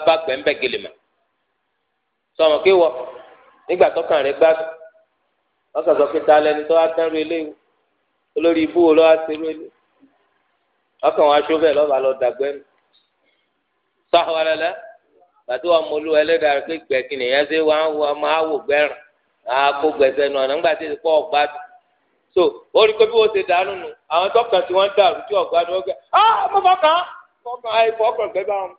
bá gbẹ̀ǹbẹ̀ sọmọ kí wọ nígbà tọkàn rẹ gbádùn ta lẹni tó wá eléyìí olórí ibú wo ló wá eléyìí gbàtí wọn mọlú ẹlẹ́dàá pé gbẹ̀kì nìyẹn ṣe wọn àwọn ọmọ àwò gbẹ̀rùn àkó gbẹ̀sẹ̀ náà tí ọgbà dùn so ó rí pé bí wọ́n ṣe dànù nù àwọn tọkàn tí wọ́n dàrú tí ọgbà dùn ah mo fọkàn fọkàn àìfọ ọkàn gbẹ bá wọn.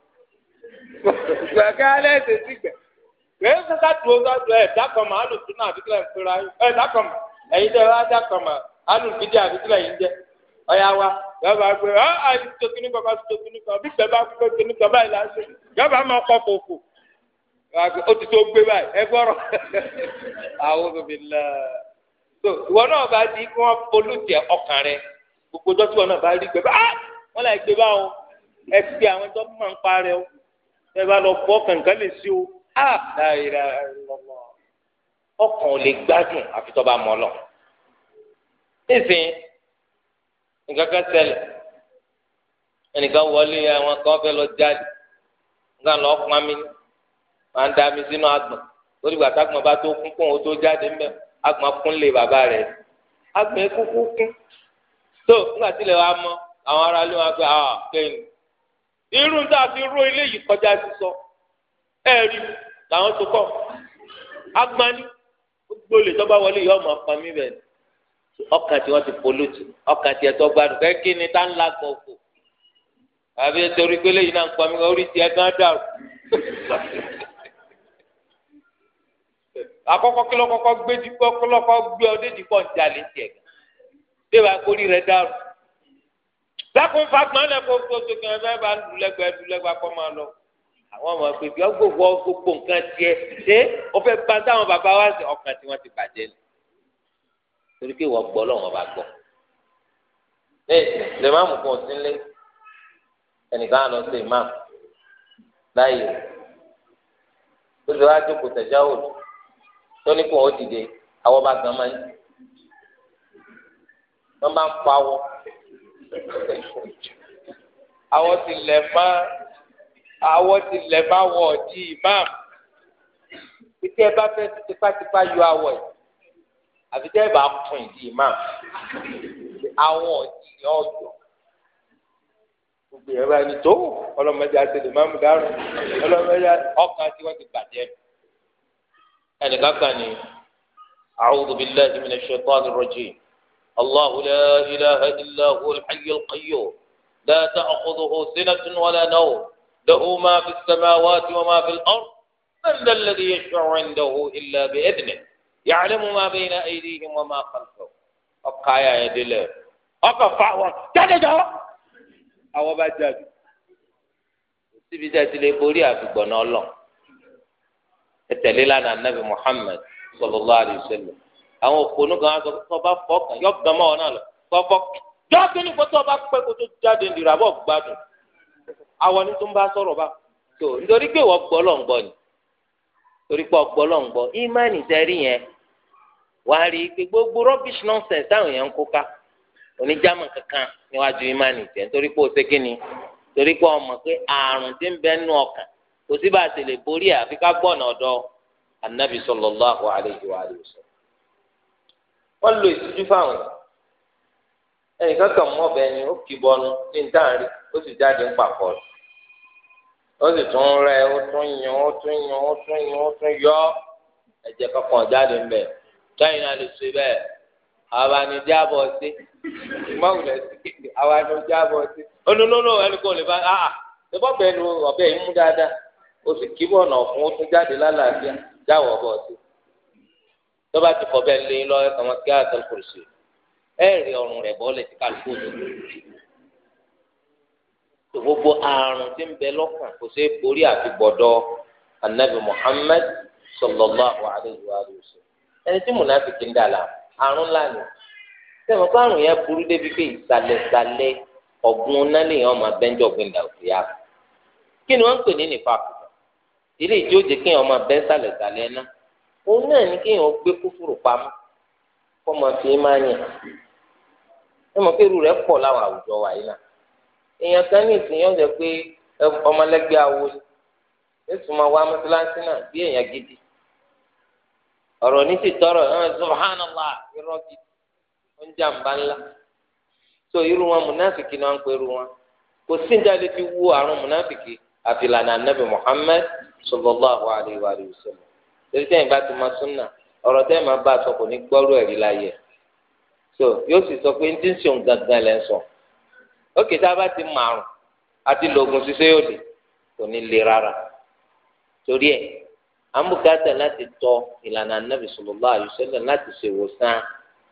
sí yọba gbé ọ àti tó kíní kan ká tó kíní kan bí bẹ́ẹ̀ bá gbé kíní kan báyìí láti yọba máa kọ fòfò ó ti tó gbé báyìí ẹ gbọ́rọ̀ àwọn so ìwọ náà bá di kí wọ́n polútì ọkàn rẹ gbogbo dọ́tí wọn náà bá rí gbé báyìí wọ́n láì gbé báwọn ẹ fi àwọn ẹjọ́ máa ń parẹ́ o ẹ bá lọ fọ́ kàǹkà lè sí o láìra ọkàn ò lè gbádùn àfi bá mọ́ lọ. nísìnyí nǹkan kan ṣẹlẹ̀ ẹnìkan wọlé àwọn kan fẹ́ lọ jáde nǹkan lọ pọn mi máa ń da mi sínú agbọ̀n lórí ìgbà tágbọ̀n bá tó kún kóun ó tó jáde ńbẹ agbọ̀n kún lè bàbá rẹ̀ agbọ̀n kúkú kún tó nígbà tí ilẹ̀ wa mọ àwọn ará ilé wọn pé ah kẹ́hìn irú tá a fi ró ilé yìí kọjá sísọ ẹ̀rí làwọn tó kọ́ agbani gbogbo olè tó bá wọlé yìí ọmọ pọn mi bẹ́ẹ̀ ni ọkàn tí wọ́n ti polútù ọkàn tí ẹ̀tọ́ gbádùn pé kí ni tá ń la gbọ̀ òkò àbí torí pé lẹ́yìn náà ń pọ̀ mí orí tiẹ̀ gán dàrú. àkọ́kọ́ kí lọ́kọ́kọ́ gbé dìpọ́ kí lọ́kọ́ gbé ọdẹ dìpọ́ ń jalè tiẹ̀ débà kórì rẹ̀ dàrú. dákun fagbọn náà kó tó tó kàn fẹ́ bá lulẹ̀gbẹ́ lulẹ̀gbẹ́ kọ́ máa lọ. àwọn ọmọ pèpè ọgbọ̀gbọ̀ gbogbo nǹkan tiẹ̀ ṣé ó fẹ́ bá táwọn bàbá wa ṣe ọkàn tí wọ́n ti bàjẹ́ ni torí pé ìwọ gbọ́ lọ́wọ́ bá gbọ́ lẹ́yìn lè má mú kàn sílé ẹnìkan á lọ sí imam láàyè ó ti wá jókòó tẹ̀síáwò tó ní kó o dìde àwọn bá gan máa ń wọ́n bá ń pa awọ awọ ti lẹ̀ má awọ ti lẹ̀ má wọ̀ di imam títí ẹ bá fẹ́ tipátipá yọ awọ yìí àfi tẹ́ ẹ bá pín ìdí imam àwọn ọ̀dìyàn ọ̀yọ́ gbogbo ẹ̀rọ ẹni tó ọlọ́mọdé àti ìmáàmù dárùn ọlọ́mọdé ọkàn tí wọ́n ti bàjẹ́ ẹnìkan kan ní a'udhu billahi minash shaitanir rajim allahu la ilaha illa huwa al-hayyul qayyum la ta'khudhuhu sinatun wala nawm lahu ma fi as-samawati wa ma fi al-ard man dha alladhi yashfa'u 'indahu illa ya'lamu ma bayna aydihim wa ma khalfahum ọkà ayà yẹn délẹ̀ ọkà fáwọn jáde-jọ àwọn bá jáde síbi tí a ti lè borí àfìgbọ̀n náà lọ ẹtẹ̀lé lánàá nàbì Muhammad sallallahu alaihi wasallam àwọn òkùnú kan sọ tó bá fọ́ kàn yọ gan mọ́ ọ náà lọ tó fọ́ yọ kí ni kó tó bá pẹ́ jáde nìyí rà gbádùn àwọn ní tó ń bá sọ̀rọ̀ bá tó nítorí pé wọ́n gbọ́ lọ́ngbọ́n ni. torí pé ọgbọlọgbọ ìmánì tẹrí yẹn wàá rí i pé gbogbo rubbish nonsense táwọn ń kó ká kankan níwájú ìmánì tẹ torí pé o ṣe torí pé ọmọ pé àrùn tí ń bẹ nínú ọkàn kò sí bá a ṣe lè borí ẹ àfi ká gbọ́nà ọ̀dọ̀ anabi sallallahu alayhi wa alihi wasallam wọn lo ìtújú fáwọn ó sì tún rẹ ó tún yàn ó tún yàn ó tún yàn ó tún yọ ẹ̀jẹ̀ kankan jáde ń bẹ tẹ̀yin náà lè ṣe bẹ́ẹ̀ àwa ni jábọ sí mọwulẹ sí àwa ni jábọ sí onínúnú ẹni kò lè bá a ah, ah. ṣẹbọ bẹ́ẹ̀ nu ọbẹ yìí mú dáadáa o sì kí bọ̀nà fún ó tún jáde lálàáfíà jáwọ̀ bọ̀ sí tọ́ba ti kọ̀ bẹ́ẹ̀ lé lọ́wọ́ ẹ̀ka wọn kí á tẹ́lẹ̀ ẹ̀ẹ́rì ọrùn rẹ̀ bọ́ọ̀lẹ̀ tí gbogbo àrùn tí ń bẹ lọ́kàn kò ṣeé borí àti anabi muhammed sallallahu alayhi wa sallam ẹni tí munafiki ń dàlà àrùn lánàá sẹ́wọ̀n kó àrùn yẹn burú débi pé ìsàlẹ̀sàlẹ̀ ọ̀gbun nálẹ̀ ọmọ abẹ́ńjọ́ gbẹ̀ndà òkè yá kí ni wọ́n ń pè ní nípa ilé kí ọmọ abẹ́ sàlẹ̀sàlẹ̀ náà òun náà ní kí gbé kúfùrù pamọ́ kọ́ fi máa yàn pé irú rẹ̀ pọ̀ láwọn wa yìí náà èèyàn kan ní ìsìn yóò jẹ pé ọmọlẹ́gbẹ́ awo ni èsì máa wá mọ́sálásí náà bí èèyàn gidi ọ̀rọ̀ ní sì tọrọ ẹ̀ ah, subhanallah irọ gidi ó ń jàǹbá ńlá so irú wọn múnáfìkì náà ń pe irú wọn kò sí ní dáadé fi wú àrùn múnáfìkì àfìlànà muhammed alayhi wa sallam torí bá ti máa súnà ọ̀rọ̀ tẹ́yìn máa bá a sọ kò ní so yóò ókè tá a bá ti mọ àrùn àti lògùn ṣiṣẹ́ yóò lè kò ní le rárá torí láti tọ ìlànà anábì láti ṣèwòsàn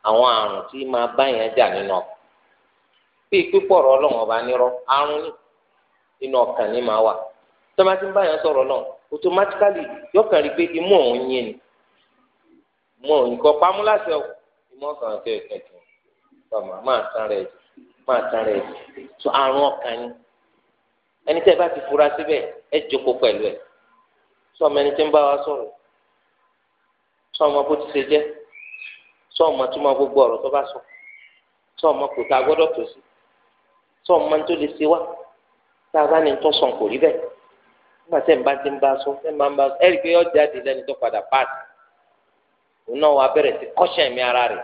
àwọn àrùn tí máa bá yẹn jà nínú ọkọ bí pípọ̀rọ̀ ọlọ́run ọba nírọ́ àrùn ọkàn máa wà ń bá yẹn sọ̀rọ̀ náà automatically rí pé imú òun ni imú òun ọkàn máa tán rẹ̀ tó àrùn ọkàn ni ẹni tẹ́ ẹ bá ti fura síbẹ̀ ẹ jókòó pẹ̀lú ẹ̀ sọmọ ẹni tí ń bá wa sọ̀rọ̀ sọmọ bó ti ṣe jẹ́ sọmọ tó máa gbogbo ọ̀rọ̀ tó bá sọ sọmọ kò tá a gbọ́dọ̀ tó sí sọmọ tó lè ṣe wá tá a bá ní tó sàn kò rí bẹ́ẹ̀ nígbà tẹ́ ń bá ti ń bá sọ tẹ́ ń bá ń bá sọ ẹ̀rí pé ọjà di lẹ́ni tó padà páàtì òun náà wà bẹ̀rẹ̀ sí kọ́ṣẹ́ mi ara rẹ̀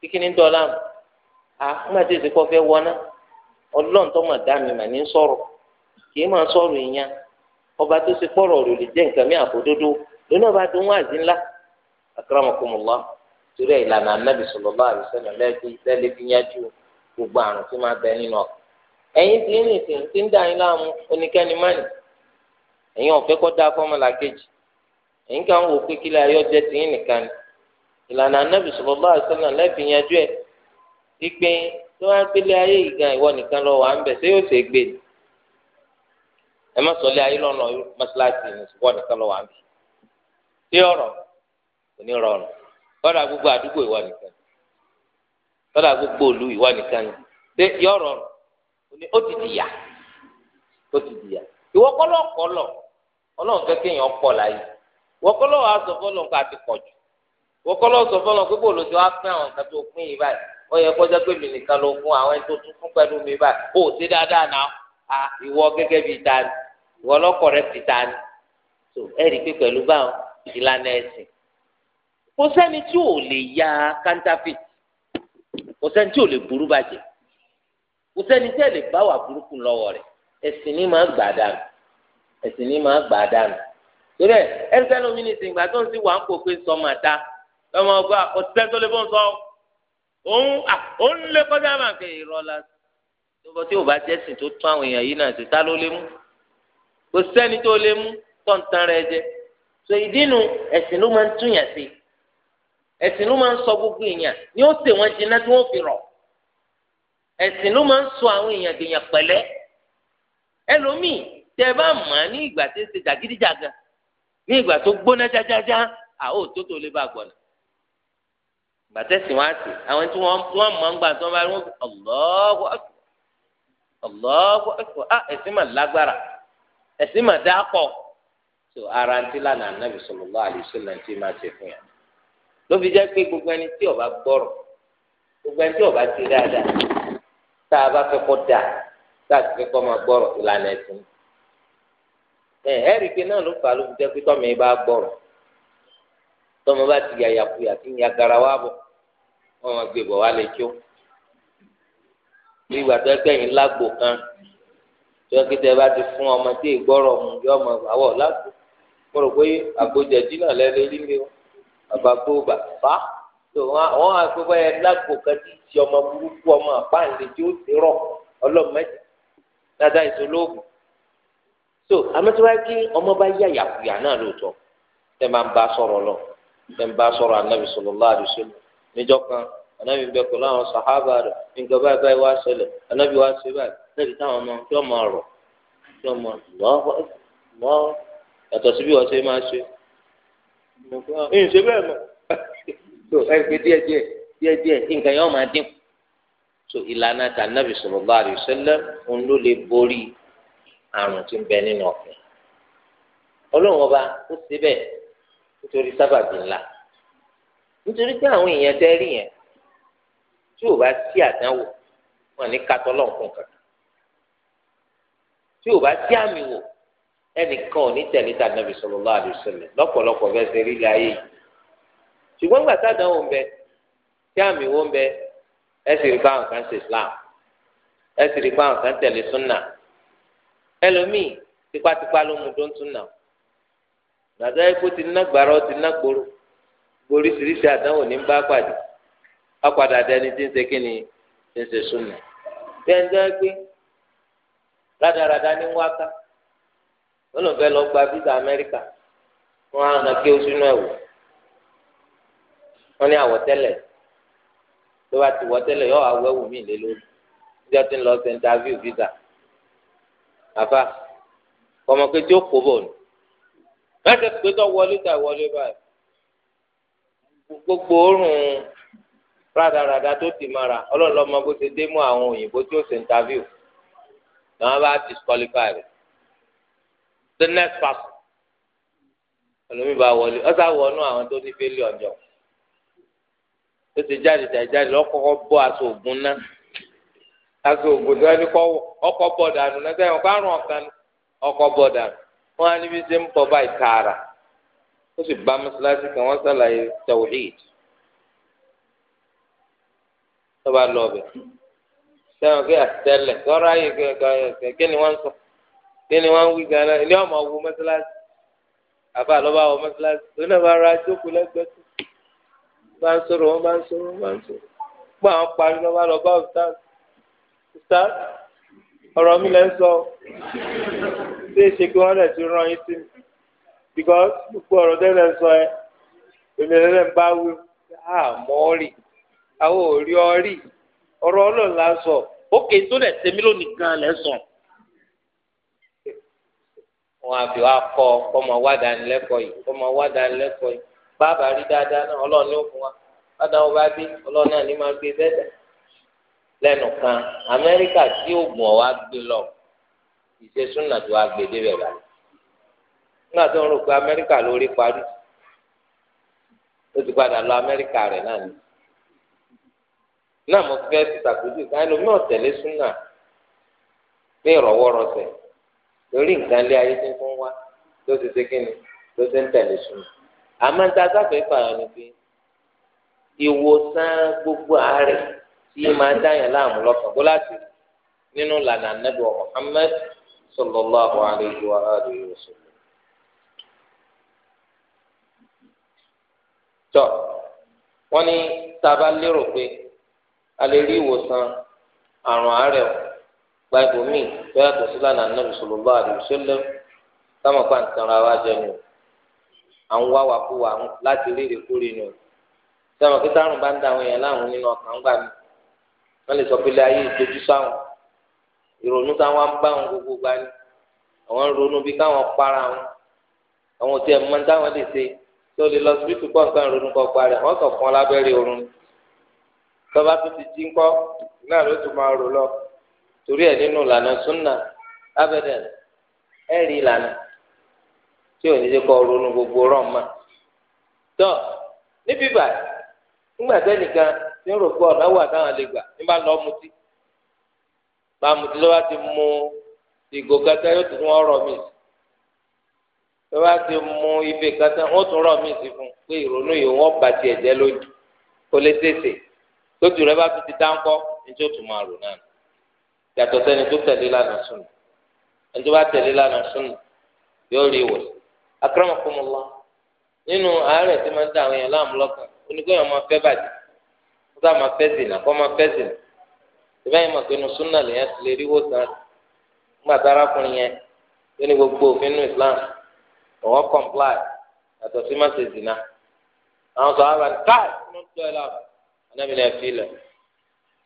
kíkí ní dọ́là nígbà tí èsì kọ́ fẹ́ wọná ọlọ́run tó mà dá mi mà ní sọ̀rọ̀ kì í sọ̀rọ̀ ìyẹn ọba tó ṣe pọ̀rọ̀ rò jẹ́ nǹkan mi àbódódó lónà bá dún wáàzí ńlá akramakumullah torí ìlànà anábì fi gbogbo àrùn tí máa bẹ nínú ọkàn ẹ̀yin ń yín láàmú oníkẹ́ni mánì ẹ̀yin ọ̀fẹ́ kọ́ kejì ẹ̀yin kan wò pé kílẹ̀ nìkan ìlànà anábì wípé tí wọ́n gbélé ayé yìí ìwọ nìkan lọ wà ń bẹ̀ ṣé yóò ṣe gbé ni ẹ má sọ ayé lọ́nà mọ́ṣáláṣí ìwọ nìkan lọ wà ń bẹ̀ ṣé ọ̀rọ̀ kò ní rọrùn gbogbo àdúgbò ìwọ nìkan kọ́dà gbogbo òlu ìwọ nìkan ni ṣé rọrùn ó ti ti ìwọ Ọlọ́run fẹ́ kéèyàn láyé ìwọ wàá sọ ó yẹ kó jẹ́ pé mi nìkan ló fún àwọn ẹni tó tún fún pẹ̀lú mi báyìí ó ṣe dáadáa náà a ìwọ gẹ́gẹ́ bíi ta ni ìwọ lọ́kọ̀ rẹ ti ta ni tó ẹ rí i pé pẹ̀lú báwọn ìlànà ẹ̀sìn kò sẹ́ni tí ò lè ya counterfeit kò sẹ́ni tí ò lè burú bàjẹ́ kò sẹ́ni tí ò lè bá wà burúkú lọ́wọ́ rẹ̀ ẹ̀sìn ni máa gbà dànù ẹ̀sìn ni máa gbà dànù torí ẹ̀ ẹ̀rí sẹ́ni omi ní ìsìn ìgbà tó ń sì wà ń kó pé sọ́mọ́ òun òun lé kọjá máa pè irọ́ la lọ́bọ tí o bá jẹ́ sìn tó tún àwọn èèyàn yìí náà ṣe tá ló lé mú kò sẹ́ni tó lé mú tó ń tan rẹ jẹ so ìdínú ẹ̀sìn ló máa ń túyàn sí ẹ̀sìn ló máa ń sọ gbogbo èèyàn ni ó sè wọ́n jiná tí wọ́n fi rọ̀ ẹ̀sìn ló máa ń sọ àwọn èèyàn dèèyàn pẹ̀lẹ́ ẹlòmíì tẹ bá mọ̀ ní ìgbà tí ń ṣe jàgídíjàgan ní ìgbà tó gbóná jájájá àá ò tó tó lè bá gbọ̀nà gbàtẹ́sì wọn àti àwọn tí wọ́n wọ́n mọ̀ ń gbà tó ń bá rí wọn Allahu Akbar Allahu Akbar á ah, ẹ̀sìn mà lágbára ẹ̀sìn mà dápọ̀ tó ara ń tí lánàá Ànábì sallallahu alaihi wasallam tí máa ṣe fún yàn ló fi jẹ́ pé gbogbo ẹni tí ó bá gbọ́rọ̀ gbogbo ẹni tí ó bá ti dáadáa tá a bá fẹ́ kọ́ dáa tá a ti fẹ́ kọ́ máa gbọ́rọ̀ ìlànà ẹ̀sìn ẹ̀ ẹ́ rí i pé náà ló fà á ló fi jẹ́ pé tọ́mì bá gbọ́rọ̀ tọmọ bá ti yàyàkuyà tí ń ya garawa bọ wọn máa gbé bọ wá lè tó ìgbà tó ẹgbẹ́ yìí lágbo kan tó ẹgbẹ́ tẹ bá ti fún ọmọ tí ìgbọ́rọ̀ mu yọ ọmọ àwọ̀ lágbo mo rò pé àgbòjẹ̀dì náà lẹ́lẹ́ líle o àgbàgbó bàbá tó wọn á pé báyẹn lágbo kan ti ti ọmọ burúkú ọmọ àpáǹlẹ̀ tí ó ti rọ̀ ọlọ́mọdé dáadáa ìsolóògùn so àmọ́ tí wọ́n á kí ọmọ bá yàyàkuyà náà lóòótọ́ tẹ́ máa ń bá sọ̀rọ̀ lọ́wọ́ tẹnba sọ̀rọ̀ anabi sallallahu alaihi wasallam níjọ́ kan anabi bẹ pẹ̀lú àwọn sàhábà rẹ̀ nǹkan báyìí báyìí wá ṣẹlẹ̀ anabi wá ṣe báyìí lẹbi táwọn ọmọ tí ọmọ rọ tí ọmọ lọ yàtọ̀ sí bí wọ́n ṣe máa ṣe ẹ̀yìn ṣe bẹ́ẹ̀ mọ̀ tó ẹ pé díẹ̀ díẹ̀ díẹ̀ díẹ̀ nǹkan yẹn wọ́n máa dín so ìlànà tà anabi sallallahu alaihi wasallam òun ló lè borí àrùn tí bẹ nínú ọkàn nítorí sábàbí ńlá nítorí pé àwọn èèyàn tẹ́ rí yẹn tí ò bá sí àdánwò wọn ní katọlọ nǹkan kan tí ò bá sí àmì wò ẹnìkan ò ní tẹ̀lé tà nàbì sallallahu alaihi wasallam lọ́pọ̀lọpọ̀ bẹ́ẹ̀ ṣe rí ilé ayé yìí ṣùgbọ́n gbà sádánwò ń bẹ tí àmì wò ń bẹ ẹ sì rí báwọn kan ṣe Islam ẹ sì rí báwọn kan tẹ̀lé súnà ẹlòmíì tipátipá ló mú dóńtún náà gbàtà ikú ti ná gbàrọ ti ná gbòòrò oríṣiríṣi àdánwò ní bá pàdé ọ̀padà tí ń ṣe kí ni tí ń ṣe súnmọ́ gbé rádaràda ní wáká wọn lọ gba visa Amẹ́ríkà wọn á nà o ẹ̀wọ̀ ní àwọ̀tẹ́lẹ̀ tó bá ti yọ àwọ̀ ẹ̀wù mí lé má ṣe pé tó wọlé tà wọlé báyìí gbogbo oorun rádaràda tó ti mara ọlọ́run lọ́mọ bó ṣe dé mú àwọn òyìnbó tí ó ṣe interview ni wọ́n bá disqualify rẹ̀ the next person ẹlòmíì bá wọlé ọ̀sà wọnú àwọn tó ní fẹ́lẹ́ ọ̀jọ̀ ó ti jáde tà jáde lọ́kọ́kọ́ bọ́ aṣọ ògùn náà aṣọ ògùn tó ẹni kọ́ ọkọ̀ bọ̀ dànù náà sẹ́yìn ọ̀kọ́ àrùn ọ̀kan ọkọ̀ bọ̀ dànù wọn á níbi ṣe ń pọ̀ báyìí tààrà ó sì bá mọ́ṣáláṣí kan wọ́n ṣàlàyé tawhid tọ́ba lọ bẹ̀ sẹ́wọ̀n kí àtẹlẹ̀ tọ́ra ayé kẹ̀kẹ́ kí ni wọ́n sọ kí ni wọ́n wí gan-an ilé ọmọ wo mọ́ṣáláṣí àbá lọ́ba wo mọ́ṣáláṣí tó náà bá ra jókòó lẹ́gbẹ̀ẹ́ tó bá ń sọ̀rọ̀ wọ́n bá ń sọ̀rọ̀ wọ́n bá ń sọ̀rọ̀ gbọ́ àwọn parí lọ́ba lọ́ba ọ̀tá ọ̀tá ọ̀rọ̀ mi lẹ́ ń sọ ṣe ṣe kí wọ́n lè ti rán yín sí mi because gbogbo ọ̀rọ̀ tẹ́lẹ̀ sọ ẹ èmi lẹ́lẹ̀ ń bá wí àmọ́ rì àwọn ò rí ọ rí ọ̀rọ̀ ọlọ́run la sọ òkè tó lẹ̀ tẹ́mi lónìí gan lẹ́ sàn. wọn àbí wa kọ kọmọ wá dánilẹ́kọ̀ọ́ yìí kọmọ wá dánilẹ́kọ̀ọ́ yìí bàbá rí dáadáa náà ọlọ́run ní òkun wa bàbá wọn bá bí ọlọ́run náà ní máa gbé bẹ́ẹ̀ lẹ́nu kan amẹ́ríkà tí oògùn ọ̀wá gbé lọ ìṣe súnà tó wá gbèdé bẹ̀ báyìí nígbà tó ń rò pé amẹ́ríkà lórí parí ó ti padà lọ amẹ́ríkà rẹ̀ náà ni náà mo fẹ́ ti tàkùjú ká ẹlòmíràn tẹ̀lé súnà ní ìrọ̀wọ́rọ̀sẹ̀ lórí nǹkan lé ayé tí ń fún wa tó ti ṣe kíni tó ti ń tẹ̀lé súnà àmọ́ níta sáfẹ́ fààyàn ni pé ìwòsàn gbogbo àárẹ̀ tí máa dáyàn láàmú lọ́kàn bó láti nínú lànà anábìwọ̀ Muhammad صلى الله عليه وآله وسلم tọ wọn ní tába lérò pé a lè rí ìwòsàn àrùn àárẹ̀ gba ibòmíì bẹ́ẹ̀ tó sí lánàá nàbì sallallahu alaihi wasallam táwọn pa nǹkan ara wa jẹ nù à ń wá wa kú wa láti rí ìrèkúrè nù sẹ́wọ̀n kí táwọn bá ń da àwọn èèyàn láwọn nínú ọkàn gbà mí wọ́n lè sọ pé ilé ayé ìdojú sáwọn ìrònú táwọn ń bá wọn gbogbo gba ni àwọn ń ronú bí káwọn para wọn àwọn òtí ẹ̀ mọ́ táwọn lè ṣe tó lè lọ síbítù pọ̀ nǹkan ronú kọ́ parí àwọn kan fún ọ lábẹ́rẹ́ oorun tọ́ba tó ti jí ńkọ́ náà ló tún máa rò lọ torí ẹ̀ nínú ìlànà súnà abẹ́dẹ̀ ẹ̀ rí ìlànà tí ò ní ṣe kọ́ ronú gbogbo rọ̀ mọ́ tọ́ níbí báyìí nígbà tẹ́nìkan tí ń rò pé ọ̀nà wà táwọn lè gbà ní bá lọ́ọ́ mutí bàmùtí ló bá ti mu ìgò kẹta yóò tún wọn rọ mí ló bá ti mu ife kẹta wọn tún rọ mí sí fún pé ìrònú yìí wọn bá tiẹ̀ jẹ́ lójú kó lè tètè lójú rẹ bá tún ti dáńkọ́ ní tí ó tún máa rò náà yàtọ̀ sẹ́ni tó tẹ̀lé lánàá sùn ẹni tó bá tẹ̀lé lánàá sùn yóò rí ìwòsàn akramakumullah nínú àárẹ̀ tí máa ń dá àwọn èèyàn láàmú lọ́kàn oníkóyàn máa fẹ́ bàjẹ́ kó sáà máa fẹ́ sìn kó máa fẹ́ sìn síbẹ̀ yìí mọ̀ pé inú súnà lèyàn ti lè rí wòsàn nígbà arákùnrin yẹn tó ní gbogbo òfin Islam òun comply yàtọ̀ sí má ṣe zina àwọn sọ ara káì inú tó ẹ lọ anábìlẹ̀ fi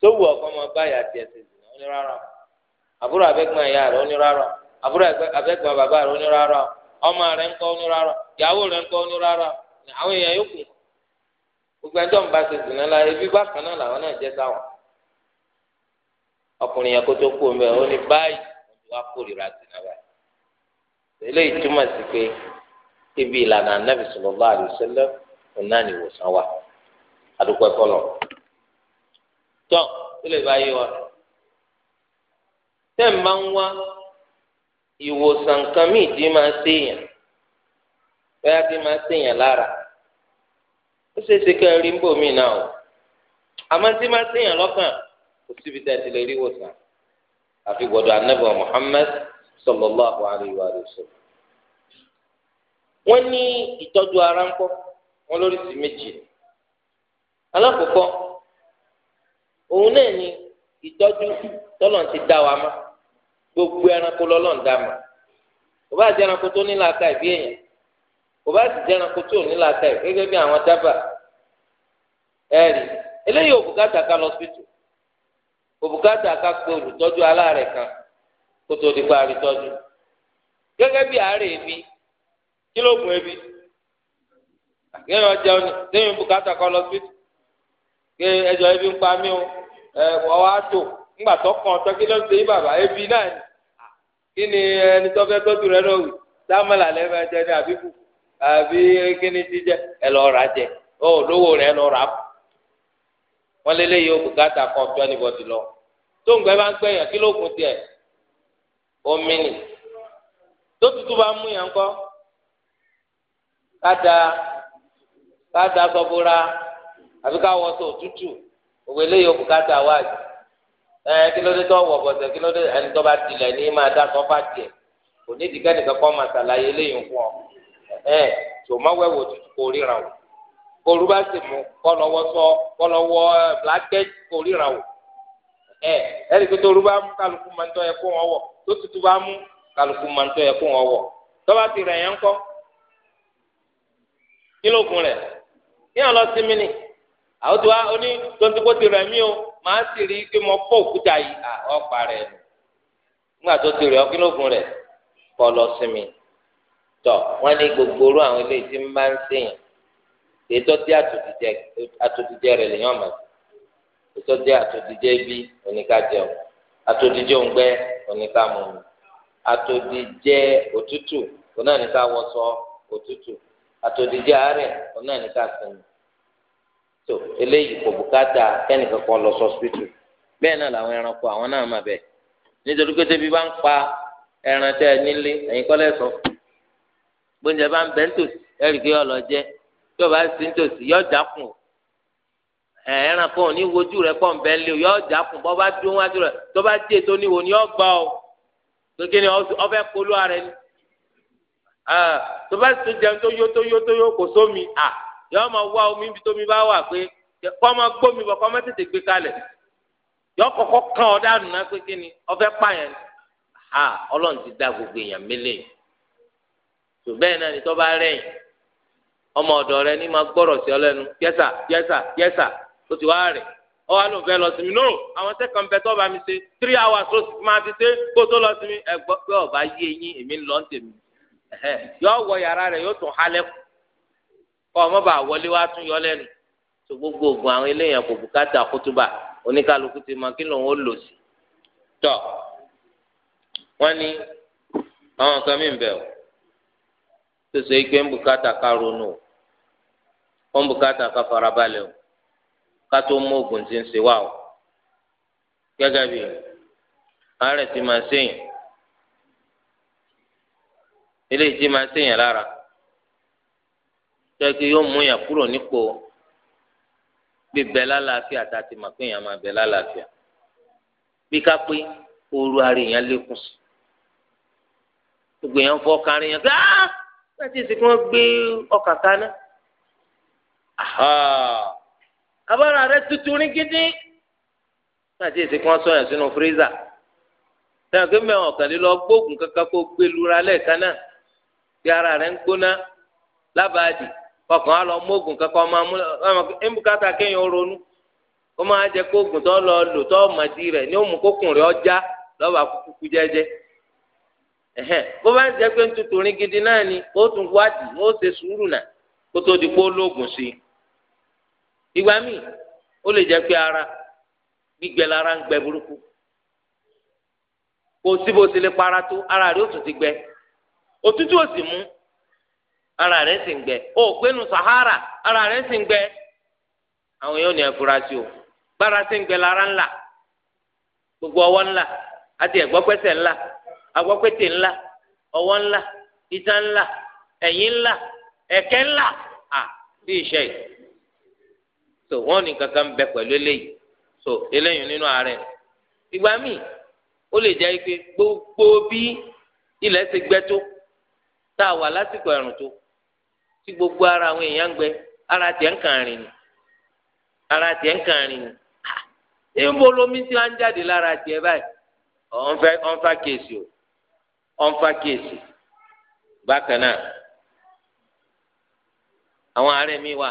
tó wù ọkọ ọmọ báyà tiẹ̀ ṣe zina àbúrò ẹ̀yà àbúrò bàbá ọmọ ń kọ́ ọkùnrin yẹn kó tó kú omi ó ní báyìí wọn ti wá kórìíra ibi ìlànà anábì sallallahu alaihi wasallam náà ní ìwòsàn wa àdúgbò ẹ̀kọ́ lọ. tọ́ tó lè bá n wa bá ń wá ìwòsàn kan máa máa o àmọ́ máa lọ́kàn. kò síbi tá a ti lè rí wòsàn àfi gbọ́dọ̀ anabiwa muhammed sallallahu alayhi wa sallam. wọ́n ní ìtọ́jú ara ń kọ́ wọn lórí sí méjì alákòókò òun náà ni ìtọ́jú tọ́lọ̀ ti dá wa mọ́ gbogbo ẹranko lọ́lọ́run dá mọ́ kò bá jẹ́ tó nílò aka ìbí èèyàn kò bá sì jẹ́ tó nílò aka ìbí gẹ́gẹ́ bí àwọn dábàá ẹ̀rí eléyìí ò ká lọ síbìtì òbúkátà ká pé olùtọ́jú aláàrẹ̀ kan kó tó di pa àrítọ́jú gẹ́gẹ́ bí àárẹ̀ èmi kí ló mú ebi àgbẹ̀yìn ọjà òní sẹ́yìn kọ́ lọ sí ẹjọ́ ebi ń pa mí o ẹ ọwọ́ àtò ńgbà tó kàn ló ń ṣe bàbá ebi náà ni kí ni ẹni tó fẹ́ tọ́jú rẹ lọ́wọ́ sámẹ́là lẹ́fẹ̀ẹ́ jẹ ní àbí àbí kí ni jíjẹ ẹ lọ́ọ́ wọn lélẹ yìí oògùn gàtà kọ tó ẹnìbọdì lọ tó ń gbẹ bá ń gbẹyàn kí lóògùn tiẹ̀ omi nì tó tutù bá mú yàn kọ káda káda sọfúnra àbí káwọ sọ òtútù òwe lẹ́yìn oògùn gàtà wáyé ẹ kí ló dé tó wọ bọ̀sẹ̀ kí ló dé ẹni tó bá tilẹ̀ ní máa dá sọ́fà tiẹ̀ kò ní ìdíkẹ́ nìkan kọ́ máa ṣàlàyé lẹ́yìn fún ọ ẹ tòmọ́wẹ́wò tutù kò ríran o òru bá sì mú kọlọwọ sọ kọlọwọ eh, blanket kò ríran o ẹ ẹni pé tóru bá mú kálukú máa ń tọ́ yẹ kó wọn wọ̀ tó tutù bá mú kálukú máa ń tọ́ yẹ kó wọn wọ̀ tọ́ba ti rẹ̀ yẹn ń kọ́ kílógún rẹ̀ ní ọ̀lọ́ sinmi ni àwọn tó wá oní tontigbo ti rẹ̀ mí o màá sì rí pé mo kó òkúta yìí à ọ̀pá rẹ̀ nígbà tó ti rẹ̀ ọ́ kílógún rẹ̀ kọ́ lọ sinmi tọ́ wọ́n gbogbo orú àwọn ilé tí ń bá ń sèyàn ètò tí àtòjíjẹ rẹ̀ lè yàn mọ̀ ètò tí àtòjíjẹ bí oníkà jẹun àtòjíjẹ òǹgbẹ oníkà mu àtòjíjẹ òtútù onáníkà wọṣọ òtútù àtòjíjẹ àárẹ̀ onáníkà sinmi tó eléyìí kò bùkátà kẹ́nìkan kan lọ sọ́sìbítù bẹ́ẹ̀ náà làwọn ẹranko àwọn náà mà bẹ́ẹ̀ nítorí pé tẹ́bí bá ń pa ẹran tẹ́ ẹ nílé ẹ̀yin kọ́lẹ́ sọ gbóúnjẹ bá ń bẹ́ńtò ẹ̀rí kí ọlọ jẹ́ tí o bá sì ń tòsí yọ ọjà kùn ẹran kan ò ní wojú rẹ pọ̀ nbẹ́ lé o yọ ọjà kùn bọ́ bá dún wájú rẹ tó bá dé tó níwò ni ọgbà o kékeré ni ọfẹ́ polú ara ni tó bá tún jẹun tó yó tó yó tó yó kò sómi à yọ ọmọ wá omi ibi tómi bá wà pé kọ́ ọmọ gbómi bọ̀ kọ́ ọmọ tètè gbé kalẹ̀ yọ kọ́kọ́ kan ọ̀dà nùnà kékeré ni ọfẹ́ pààyàn ọlọ́run ti dá gbogbo èèyàn mélèé tó bẹ́ẹ̀ náà ni tó bá rẹ̀yìn ọmọ ọ̀dọ̀ rẹ ní máa gbọ́rọ̀ sí ọ lẹ́nu yẹ́sà yẹ́sà yẹ́sà ó ti wá rẹ̀ ọ wà ló fẹ́ lọ sinmi no àwọn sẹ́kàn bẹ tó bá mi ṣe three hours ló ma fi ṣe kó tó lọ sinmi ẹ gbọ́ pé ọba yé eyín èmi ń lọ ń tèmi yọ wọ yàrá rẹ yóò tún halẹ̀ kù kọ́ ọmọ bá wọlé wá tún yọ lẹ́nu tó gbogbo oògùn àwọn eléyàn kò bùkátà kútúbà oníkálukú ti mọ kí lòun ó lò sí tọ wọn ní àwọn kan mí bẹ ọ tó ṣe é pé ń bùkátà ká ronú o. wọn bùkátà ká farabalẹ̀ o ká tó mú oògùn tí ń ṣe wá o gẹ́gẹ́ bí àárẹ̀ tí máa ṣèyàn eléyìí tí máa ṣèyàn lára tẹ́kí yóò mú yàn kúrò nípò bíbẹ lálàáfíà tá a ti mọ̀ pé yàn máa bẹ lálàáfíà bí ká pé ooru ara èèyàn lékún sí gbogbo èèyàn fọ́ kárí yàn pé áá bẹ́ẹ̀ tí ìsìnkú wọn gbé ọkà kaná. abára rẹ tutù ní gidi láti èsì kan sọ yẹn sínú fírísà táwọn kí mẹ́wọ̀n ọ̀kànlélọ́ gbóògùn kankan kó gbé lura lẹ́ẹ̀kan náà bí ara rẹ ń gbóná lábàádì ọkàn á lọ kankan ronú ó máa jẹ tó lọ lò tó ní kókùn ọjà jẹ́jẹ́ bó bá ń pé ń tutù ní gidi náà ni ó ìgbà míì ó lè jẹ́ pé ara gbígbẹ lára ń gbẹ burúkú kò sí bó ti lè para tó ara rẹ̀ ó tún ti gbẹ òtútù ó sì mú ara rẹ̀ sì ń gbẹ ó gbénu sahara ara rẹ̀ sì ń gbẹ àwọn yóò ní afurasí o gbára sí ń gbẹ lára ńlá gbogbo ọwọ́ ńlá àti ẹ̀gbọ́pẹ́sẹ̀ ńlá agbọ́pẹ́tẹ̀ ńlá ọwọ́ ńlá ìtàn ńlá ẹ̀yìn ńlá ẹ̀kẹ́ ńlá à bí ìṣe yìí. so wọn ní kankan ń bẹ pẹ̀lú eléyìí so eléyìí nínú ààrẹ ìgbà míì ó lè jẹ́ pé gbogbo bí ilẹ̀ ti gbẹ tó tá a wà lásìkò ẹ̀rùn tó tí gbogbo ara àwọn èèyàn ń gbẹ ara tiẹ̀ ń kàn rìn ni ara tiẹ̀ ń kàn rìn ni níbo lomi tí wọ́n ń jáde lára tiẹ̀ báyìí ọ̀nfà kéèsì o ọ̀nfà kéèsì bákan náà àwọn ààrẹ mi wà.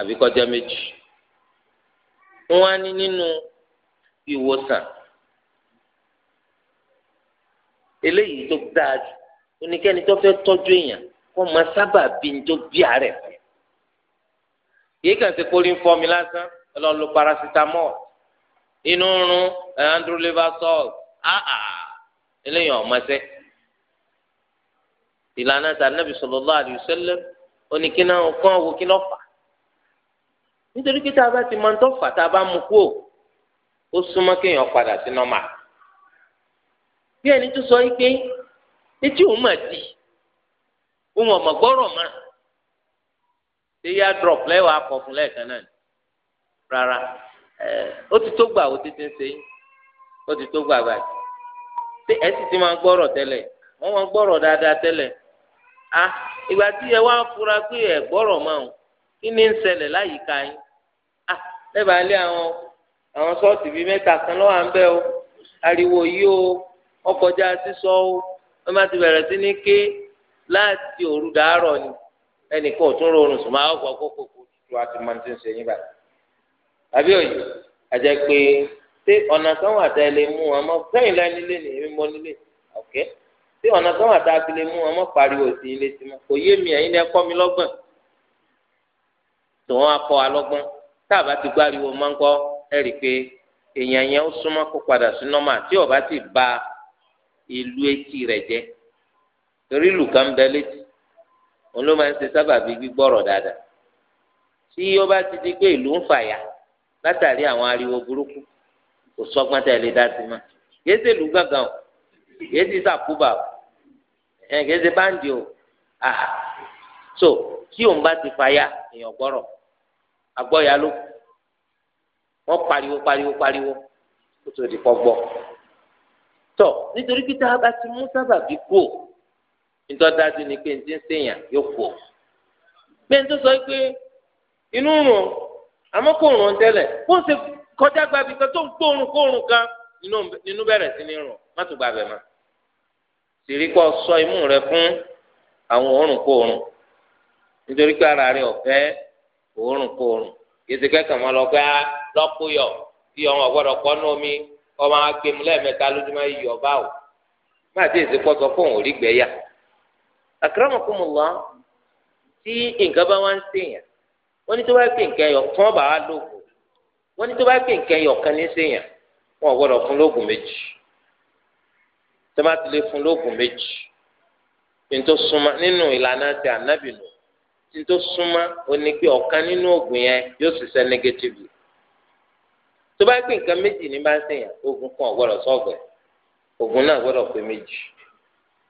àbí kọjá méjì wọn á ní nínú ìwòsàn eléyìí tó dáa jù oníkẹ́ni tó fẹ́ tọ́jú èèyàn kó máa sábà bí ní tó bí àárẹ̀ yìí kàn ti kórìí ń fọ́ lásán ọlọ́run ló inú rún eh, andrew leversol áà eléyìí ọ̀ma sẹ́ ìlànà tà nàbì sallallahu alaihi wasallam oníkẹ́ni àwọn kan wò kí lọ́ọ́ fà nítorí pé tá a bá ti máa ń tọ́fà tá a bá mú kú ó súnmọ́ kéèyàn padà sí nọ́mà bí ẹni tó sọ pé etí òun mà di òun ọmọ gbọ́rọ̀ mà ṣé drop lẹ́wàá kọ fún lẹ́ẹ̀kan náà rárá ó ti tó gbà ó ti ti ń ṣe ó ti tó gbà báyìí ṣé ẹ sì ti máa gbọ́rọ̀ tẹ́lẹ̀ wọ́n máa gbọ́rọ̀ dáadáa tẹ́lẹ̀ ah ìgbà tí ẹ wá fura pé ẹ gbọ́rọ̀ máa ń kí ni ń ṣẹlẹ̀ láyìíká yín à ah, lẹ́bàá lé àwọn àwọn sọ́ọ̀tì bíi mẹ́ta kan lọ́wọ́ à ń bẹ́ o ariwo yìí o ọkọjá sísọ o wọ́n má ti bẹ̀rẹ̀ sí ní ké láti òru dàárọ̀ ni ẹnìkan ò tún rọrùn sùn máa wọ kókó kó tutù àti máa ti ń ṣe yín báyìí àbí òye àjẹ pé ṣé ọ̀nà kan wà tá ẹ lè mú wọn mọ́ sẹ́yìn lẹ́ni lé ní èmi mọ́ nílé ọ̀kẹ́ ṣé ọ̀nà kan wà tá a fi lè mú wọn mọ́ pariwo sí ilé sí mọ́ kò yé mi ẹ̀yin ni ẹ kọ́ mi lọ́gbọ̀n tòun akọ alọ́gbọ́n tá a bá ti gbáriwo máa ń kọ́ ẹ rí i pé èèyàn yẹn ó súnmọ́ kó padà sí nọ́mà tí ó bá ti ba ìlú etí rẹ̀ jẹ́ torí ìlú kan bẹ létí òun ló máa ń ṣe sábàbí gbígbọ́rọ̀ dáadáa tí ó bá ti di pé ìlú ń fàyà látàrí àwọn ariwo burúkú kò sọ́gbọ́n tẹ̀ lé dá sí ma kìí ṣe ìlú gángan o kìí ṣe sàkúbà o kìí ṣe báńdì o so tí òun bá ti fàya èèyàn gbọ́rọ̀ agbọ́ya ló wọ́n pariwo pariwo pariwo kó tó di kọ́ gbọ́ tọ nítorí pé tá a bá ti mú sábàbí kú nítorí dájú ni pé ní ti ń sèyàn yóò kú bẹ́ẹ̀ tó sọ pé inú rùn àmọ́ kò rùn tẹ́lẹ̀ bó ṣe kọjá gbàbí kan tó ń gbóòórùn kóòórùn kan nínú bẹ̀rẹ̀ sí ní rùn má tún gbàbẹ̀ mọ́ sì sọ imú rẹ fún àwọn òórùn kóòórùn. nítorí pé ara rẹ ọ̀fẹ́ òórùn kòórùn ètò kẹ́kọ̀ọ́ máa lọ pé á ah, lọ́kùyọ̀ tí ọmọ ní omi kọ́ máa gbé lójúmọ́ yìí ọba o máa ti èsì pọ́sọ fún òun rí gbẹ́yà. àkàràmọ̀kùnmọ̀lá tí nǹkan bá wá ń wọ́n ní tó bá pè nǹkan lóògùn wọ́n ní tó nínú ìlànà ti ànábìnú nítorí súnmọ́ òní pé ọ̀kan nínú oògùn yẹn yóò ṣiṣẹ́ negatively tó bá gbé nǹkan méjì ní bá ń sèyàn oògùn kan ọ̀gbọ́dọ̀ oògùn náà gbọ́dọ̀ pé méjì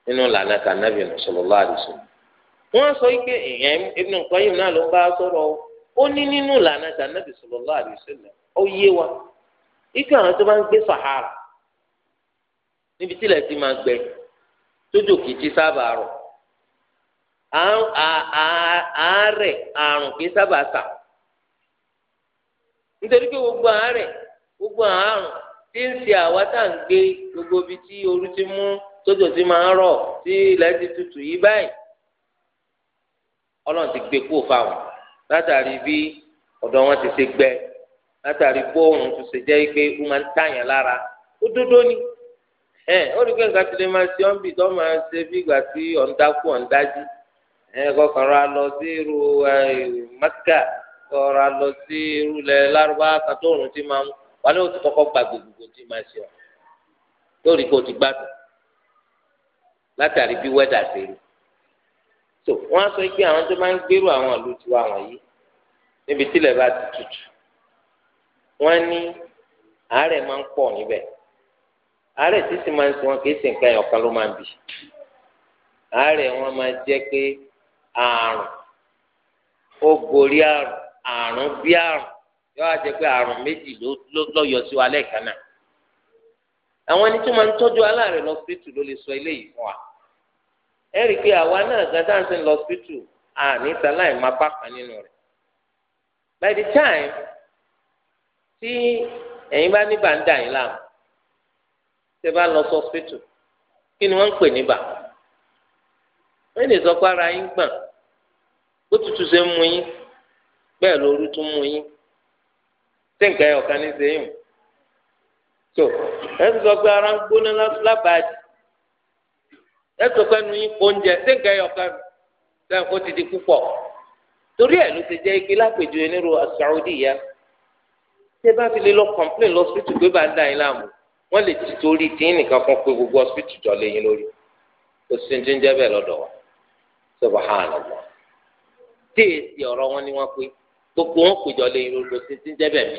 nínú làánà kànábì sallallahu alaihi wọ́n sọ pé ìyẹn náà ló bá sọ̀rọ̀ ó ní nínú ó yé wa ike àwọn tó bá ń gbé Sahara níbi ti máa gbẹ tójò kìí ti sábà rọ̀ àárẹ̀ àrùn kì í sábà sà nítorí pé gbogbo àárẹ̀ gbogbo àárùn tí ń ṣe àwa ń gbogbo ibi tí ti mú tójò ti máa ń rọ̀ tí ilẹ̀ ti tutù yìí báyìí ọlọ́run ti gbé kó fáwọn látàrí bí ọ̀dọ̀ wọn ti ṣe gbẹ látàrí bóòrùn tó ṣe jẹ́ pé ó máa ń tàyàn lára ó dúdú ni ẹ ó rí pé nǹkan ti lè máa ṣe ọ́n bì tó máa ṣe bí kọkànlá lọ sí irú mẹ́kà kọkànlá lọ sí irú lẹ̀ lárúbá kàtóòrùn tí máa ń wà ní oṣù kọ́kọ́ gba gbogbo tí máa ṣe ọ́ lórí kò ti gbádùn látàrí bí wẹ́dà ṣe rí so wọ́n á sọ pé àwọn tó máa ń gbèrú àwọn ìlú tiwa wọ̀nyí níbi tílẹ̀ bá ti tutù wọ́n ní àárẹ̀ máa ń pọ̀ níbẹ̀ àárẹ̀ sísè máa ń sọ wọn kì í ṣe nǹkan ẹ̀yọ̀kan ló máa ń bì àárẹ̀ wọn máa jẹ́ pé àrùn ó gorí àrùn àrùn bí àrùn yóò wá jẹ pé àrùn méjì ló yọ sí wa náà àwọn ẹni tó máa ń tọ́jú aláàrẹ̀ lọspịtụ ló lè sọ eléyìí fún wa ẹ rí i pé àwa náà gan dáńsẹ́ àní kan nínú rẹ̀ by the time tí ẹ̀yin bá ní bàńdà yín láàmú bá lọ sọ́sítítù kí ni wọ́n ń pè ní wọ́n lè sọ pé ara yín gbọ̀n bó tutù ṣe ń mu yín bẹ́ẹ̀ lóru tún mu yín tí nǹkan ẹ̀ ọ̀kan ní sẹ́yìn tó ẹ sọ pé ara ń gbóná lábàájì ẹ sọ pé nu yín oúnjẹ tí nǹkan ẹ̀ ọ̀kan sẹ́yìn kó ti di púpọ̀ torí ẹ̀ ló ti jẹ́ ike lápèjúwe nírú Saudi yá tí ẹ bá fi lè lọ complain lọ hospital pé bá ń dà yín láàmú wọ́n lè ti torí tí nìkan kan pé gbogbo hospital jọ lé lórí kò sí ní ti ń jẹ́ bẹ́ẹ̀ lọ́dọ̀ wa subhanallah tí èsì ọ̀rọ̀ wọn ni wọ́n pé gbogbo wọn péjọ lé irú lọ títí jẹ́bẹ̀ mi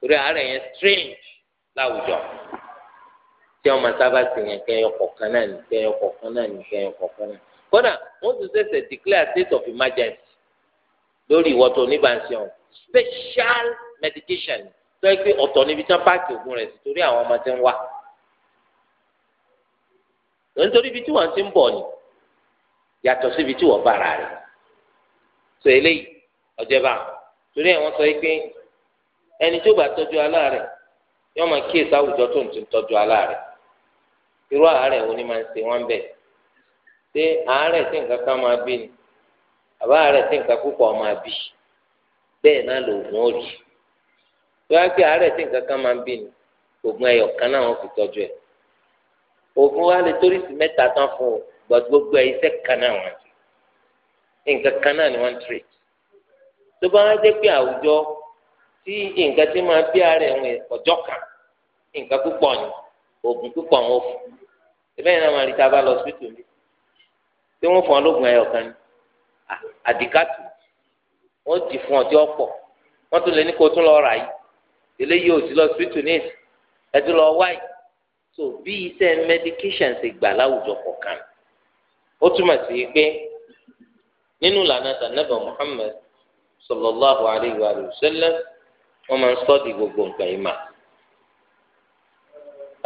torí àárẹ̀ yẹn strange láwùjọ tí ọmọ sábà sì yẹn kẹyọ kọ̀ọ̀kan náà ní kẹyọ kọ̀ọ̀kan náà ní kẹyọ kọ̀ọ̀kan náà kódà wọ́n tún ṣẹ̀ṣẹ̀ declare state of emergency lórí ìwọ tó oníbànṣẹ́ ọ̀hún special medication tó yẹ pé ọ̀tọ̀ níbi tí wọ́n páàkì ògùn rẹ̀ sí torí àwọn ọmọ tí ń wá lóńtorí ibi tí wọ́n ti ń bọ̀ ni yàtọ̀ síbi tí wọ́n bára rẹ̀ sọ eléyìí ọ̀jẹ̀bà torí ẹ̀ wọ́n sọ pé ẹni tó bá tọ́jú aláàrẹ̀ yóò máa kíyèsí àwùjọ tó ń tún tọ́jú aláàrẹ̀ irú àárẹ̀ wo ni máa ń ṣe wọ́n bẹ̀ ṣé àárẹ̀ tí nǹkan kan máa bí ni àbá àárẹ̀ tí nǹkan púpọ̀ máa bí bẹ́ẹ̀ náà lòògùn ó rí tó wá pé àárẹ̀ tí nǹkan kan máa ń bí ni oògùn ẹyọ kan náà wọ́n fi tọ́jú ẹ̀ oògùn wa lè torí sí mẹ́ta tán fún o but gbogbo ẹ iṣẹ́ kan náà wọ́n ti nǹkan kan náà ni wọ́n ń treat tó bá wá dé pé àwùjọ tí nǹkan tí máa bí ara ẹ̀ wọn ọjọ́ kan nǹkan púpọ̀ ni oògùn púpọ̀ wọn ò fún ìbẹ́ yẹn náà máa rí tá a bá lọ sí tòmí tí wọ́n fún ọ lóògùn ẹyọ kan ni àdìgàtù wọ́n ti fún ọtí ọ̀pọ̀ wọ́n tún lè ní kó tún lọ rà yìí eléyìí ò sí lọ sí tòmí ẹtú lọ wáyìí so bí iṣẹ́ medication ṣe gbà láwùjọ kọ̀ọ̀kan ó túmọ̀ sí pé nínú ìlànà tànàbà Muhammad sallallahu alayhi wa sallam ma máa ń di gbogbo nǹkan yìí mà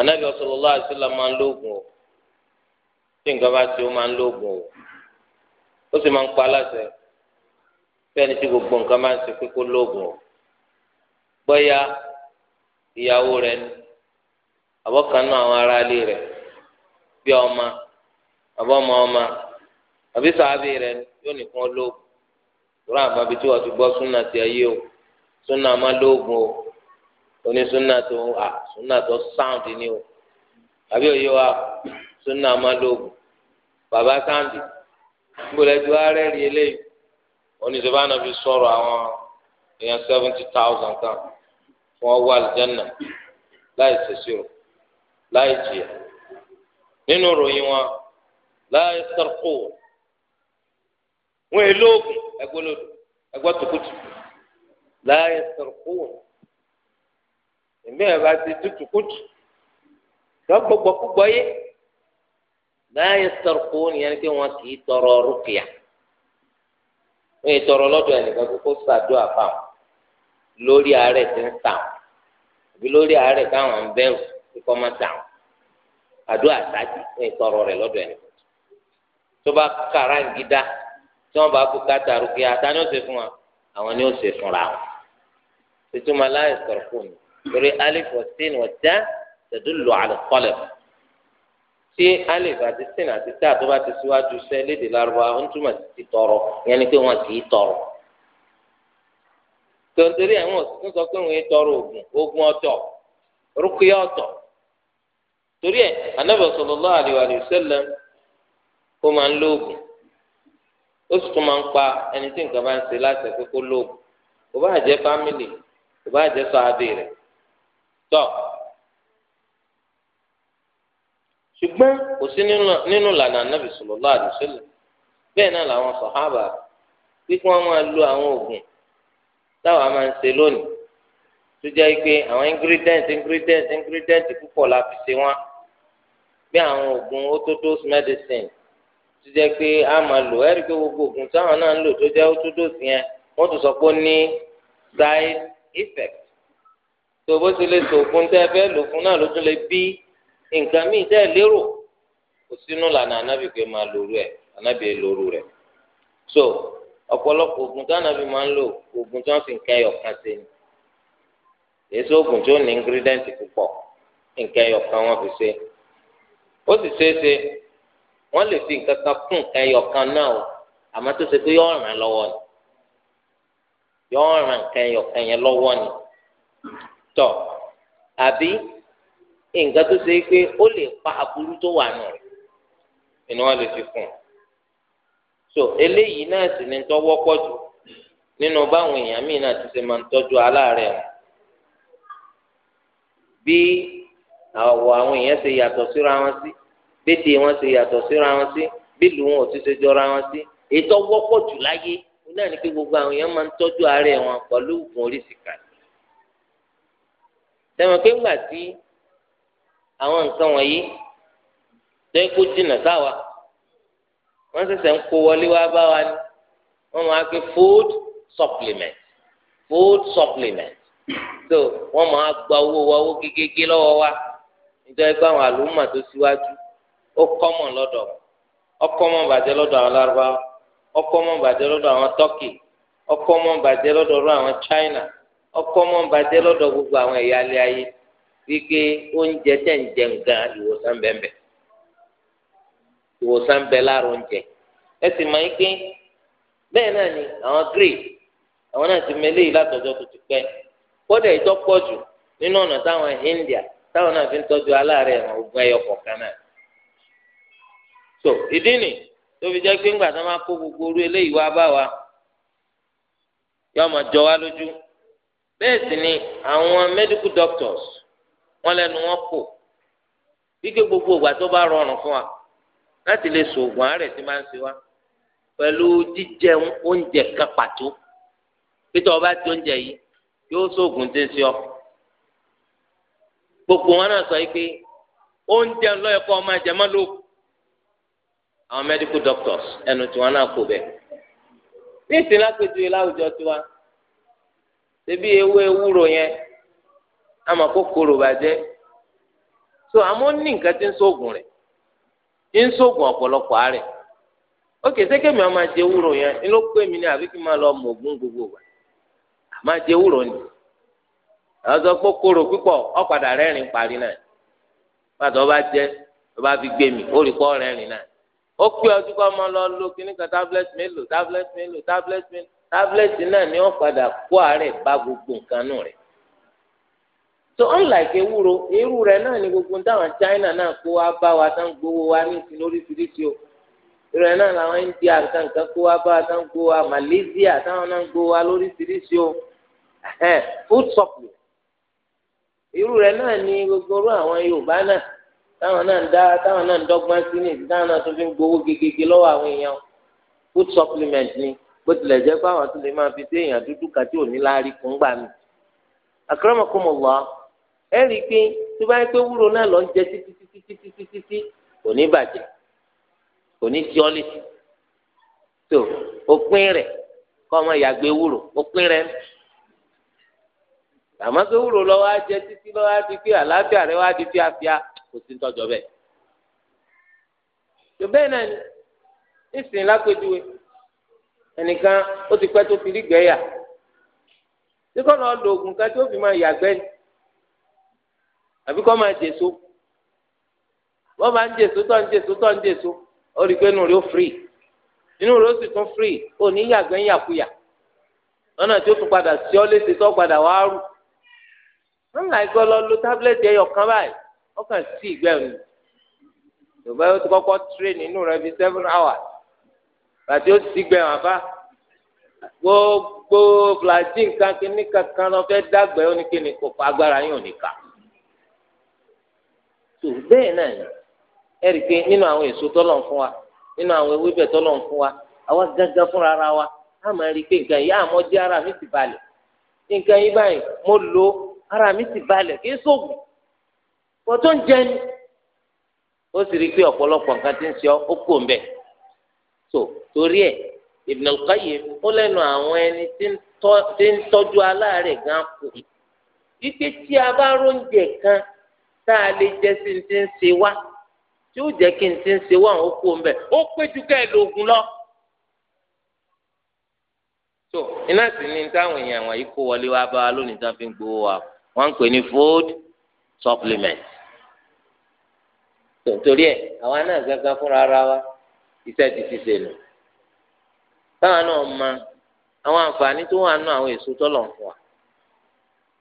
anabi sallallahu alayhi wa sallam máa ń lóògùn o tí nǹkan bá ti máa ń o ó sì máa ń pa aláṣẹ fẹ́ni gbogbo nǹkan máa ń ṣe pé kó lóògùn o bóyá ìyàwó rẹ ni àbọ̀kan náà àbọ̀ ọmọ ọmọ àbí sàábì rẹ yóò nìkan lóògùn rọ àmọ́ tí wọ́n ti gbọ́ súnà ti o súnà má lóògùn o oní súnà tó à súnà tó sáǹdì ni o àbí òye wa súnà má lóògùn bàbá sáǹdì gbọdọ̀ ju rí eléyìí oníṣẹ́fà náà fi sọ̀rọ̀ àwọn èèyàn seventy thousand kan fún ọwọ́ àlùjẹ́nà láì ṣèṣirò láì jìyà nínú ìròyìn wọn. láyé sọ̀rọ̀kù wọn èlò ògùn ẹgbẹ́lódò ẹgbẹ́tùkùtù láàyè sọ̀rọ̀kù ẹ̀mí ẹ̀ bá ti tútùkùtù lọ́gbọ̀gbọ̀ púpọ̀ yé láàyè sọ̀rọ̀kù yẹn kí wọ́n kì í tọrọ rúkìá wọn yìí tọrọ lọ́dọ̀ ẹnìkan kó ṣàdúrà fáwọn lórí àárẹ̀ tí ń àbí lórí káwọn ń bẹ̀rù kíkọ́ máa wọn yìí tọrọ rẹ̀ lọ́dọ̀ tó bá kàrá ń gidá tí wọn bá kú kàtà rúkì àtà ni ó ṣe fún wa àwọn ni ó ṣe fúnra wọn ìtumọ̀ láyé sọ̀rọ̀ fún mi torí alif wa sin wa dá tẹ̀dúlù àlẹ́ kọ́lẹ̀ tí alif àti sin àti tá tó bá ti síwájú sẹ́ léde lárúbáwá ń túmọ̀ sí tọrọ yẹn ni pé wọn kì í tọrọ tontori àwọn òsìkún sọ pé wọn tọrọ oògùn oògùn ọ̀tọ̀ rúkìá ọ̀tọ̀ torí ẹ anábẹ sallallahu alaihi ó máa ń lóògùn ó sì tún máa ń pa ẹni tí nǹkan bá ń ṣe láti ẹ̀kọ́ kó lóògùn kò bá jẹ́ fámìlì kò bá jẹ́ sọ abẹ rẹ̀ tọ́ ṣùgbọ́n kò sí nínú ìlànà anábì sallallahu alaihi wasallam bẹ́ẹ̀ náà làwọn sàhábà bí wọ́n máa lo àwọn oògùn táwa máa ń ṣe lónìí tó jẹ́ pé àwọn ingredients ingredients ingredients púpọ̀ la fi ṣe wọ́n bí àwọn oògùn ototos medicine tó jẹ́ pé a máa lò ẹ́ rí i pé gbogbo oògùn táwọn náà ń lò tó jẹ́ ó tó dòsì yẹn wọ́n tún sọ pé ó ní side effect tó bó ti lè sòògùn tẹ́ ẹ fẹ́ lò fún náà ló tún lè bí nǹkan míì tẹ́ ẹ lérò kò sínú lànà ànábì pé máa lòrú ẹ̀ ànábì lòrú rẹ̀ so ọ̀pọ̀lọpọ̀ oògùn tí ànábì máa ń lò oògùn tí wọ́n fi nǹkan ẹyọ kan ṣe ni èso oògùn tí ó ní ingredient púpọ̀ nǹkan ẹyọ kan wọ́n fi ṣe ó sì ṣeé wọ́n lè fi nǹkan kan kún nǹkan ẹyọ kan náà o àmọ́ tó ṣe pé yọ ọ̀ràn lọ́wọ́ ni yọ ọ̀ràn nǹkan ẹyọ kan yẹn lọ́wọ́ ni tọ àbí nǹkan tó ṣe pé ó lè pa aburú tó wà nù inú wọn lè fi kún so eléyìí náà sì ni tó wọ́pọ̀ jù nínú báwọn èèyàn míì náà ti ṣe máa ń tọ́jú aláàárẹ̀ wọn bí àwọn èèyàn ṣe yàtọ̀ síra wọn sí. Si bẹ́tì wọn ṣe yàtọ̀ síra wọn sí bílù wọn ò ti ṣe jọra wọn sí ètò wọ́pọ̀ jù láyé náà ni pé gbogbo àwọn èèyàn máa ń tọ́jú àárẹ̀ wọn pẹ̀lú oògùn oríṣìíkà tẹmọ pé ńgbà tí àwọn nǹkan wọ̀nyí tó kó jìnnà sáwa wọ́n ṣẹ̀ṣẹ̀ ń kó wọlé wá bá wa ni wọ́n máa gbé food supplement food supplement so wọ́n máa gba owó wa owó gégége lọ́wọ́ wa nítorí pé àwọn àlùmọ̀ tó síwájú ó kọ́mọ̀ lọ́dọ̀ ọkọ́mọ̀ bàjẹ́ àwọn lárúbáwá ọkọ́mọ̀ bàjẹ́ lọ́dọ̀ àwọn tọ́kì ọkọ́mọ̀ bàjẹ́ lọ́dọ̀ àwọn china ọkọ́mọ̀ bàjẹ́ lọ́dọ̀ gbogbo àwọn ẹ̀yà ayé oúnjẹ tẹ ń jẹ nǹkan ìwòsàn ìwòsàn oúnjẹ ẹ sì máa ń greek àwọn náà ti yìí tó ti kódà jù nínú ọ̀nà táwọn india táwọn náà tó ìdí nì tó fi jẹ́ pé ńgbà tó máa kó gbogbo orú eléyìí wá bá wa yóò máa jọ wá lójú bẹ́ẹ̀ sì ni àwọn medical doctors wọ́n lẹ́nu wọn kò wíkẹ́ gbogbo ìgbà tó bá rọrùn fún wa láti lè sòògùn àárẹ̀ tí máa ń ṣe wá pẹ̀lú jíjẹ oúnjẹ kan pàtó pété ọba tí oúnjẹ yìí yóò sóògùn tí ń ṣe ọ gbogbo wọn náà sọ yìí pé oúnjẹ ńlọ ọmọ máa àwọn medical doctors ẹnu tiwọn náà kò bẹ ní ìsìn lápẹjùwe láwùjọ tiwa ṣebí ewé ewúro yẹn so àmọ́ ní nǹkan tí ń sóògùn rẹ ń sóògùn ọ̀pọ̀lọpọ̀ àárẹ̀ ókè sẹkẹmi àwọn máa jẹ ewúro yẹn ló pé mi ní àbí kí n máa lọ wa máa jẹ ewúro ni àwọn sọ pé kòrò pípọ̀ ọ̀padà rẹ́rìn parí náà pàtó ọba jẹ ọba fi gbé mi ó rí ó pé ọdún kan máa lọ lo kíní kan tablet mélòó tablet mélòó tablet mélòó tablet náà ni wọ́n padà kó àárẹ̀ bá gbogbo nǹkan nù rẹ̀ so unlike ewúro irú rẹ náà ni gbogbo táwọn China náà kó wá bá wa tán gbowó wa ní ìsìn lóríṣiríṣi o irú rẹ náà làwọn India nǹkan kan kó wá bá wa tán gbowó wa Malaysia táwọn náà gbowó wa lóríṣiríṣi o food supply irú rẹ̀ náà ni gbogbo irú àwọn Yorùbá náà. táwọn náà ń dá táwọn náà ń dọ́gbọ́n sí ní ìdí táwọn náà tó fi ń gbowó gegege lọ́wọ́ àwọn èèyàn food supplement ni bó tilẹ̀ jẹ́ pé àwọn tó lè máa fi dé èèyàn dúdú kan tí ò ní láárí kún gbà mí. akramakumullah ẹ rí i pé tó bá yẹ pé wúro náà lọ ń jẹ títí títí títí títí tí kò ní bàjẹ́ kò ní tí ọ́ lé tó òpin rẹ̀ kọ́ ọmọ ìyàgbé wúro òpin rẹ̀ àmọ́ pé wúro lọ́wọ́ á jẹ títí lọ́wọ́ á di pé àlàáfíà rẹ̀ wá di fíafíà. kò sí tọ́jọ́ bẹ́ẹ̀. tó bẹ́ẹ̀ náà ni nísìnyí lápẹ́júwe ẹnìkan ó ti pẹ́ tó fi rígbẹ́ yà tí kò lọ́ọ́ lo oògùn kan tí ó fi máa yàgbẹ́ ni àbí kò máa jèso wọ́n máa ń jèso tó ń jèso tó ń jèso ó rí i pé inú rẹ̀ ó firi inú rẹ̀ ó sì tún firi ó ní yàgbẹ́ yàkuyà lọ́nà tí ó tún padà ọ ọkàn sí ìgbẹ́rù yorùbá yóò ti kọ́kọ́ train inú rẹ bíi seven hours bàtí ó sì gbẹ̀rù àbá gbogbo flagyl kankan ní kankan lọ fẹ́ dàgbẹ́ oníkíni kò fa agbára yín ò ní kà tó bẹ́ẹ̀ náà ni ẹ̀rì nínú àwọn èso tọ́lọ̀ ń fún wa nínú àwọn ewébẹ̀ tọ́lọ̀ ń fún wa àwa gángan fúnra ara wa a máa rí i pé nǹkan yìí àmọ́ jẹ́ ara mi ti balẹ̀ nǹkan báyìí mo ara mi ti balẹ̀ kí sóògùn wọ́n tó ń jẹ ni ó sì rí i pé ọ̀pọ̀lọpọ̀ nǹkan ti ń ṣe ó kò ń bẹ̀ tó torí ẹ̀ Ibn al-Qayyim ó lẹ́nu àwọn ẹni tí ń tọ́jú aláàárẹ̀ gan kù wípé tí a bá róúnjẹ kan tá a lè jẹ sí ti ń ṣe wá tí ó jẹ́ kí n ti ń ṣe wá àwọn kò ń bẹ̀ ó pé ju ká ẹ lóògùn lọ. tó iná sì ni táwọn èèyàn wọ̀nyí kó wọlé wá bá wa lónìí tí fi ń gbowó wa wọ́n ń pè ní food supplement tòǹtòrí ẹ àwa náà gángan fúnra ara wa ti ti ṣe nù táwa náà ma àwọn àǹfààní tó wà nù àwọn èso tọ́lọ̀ ń fún wa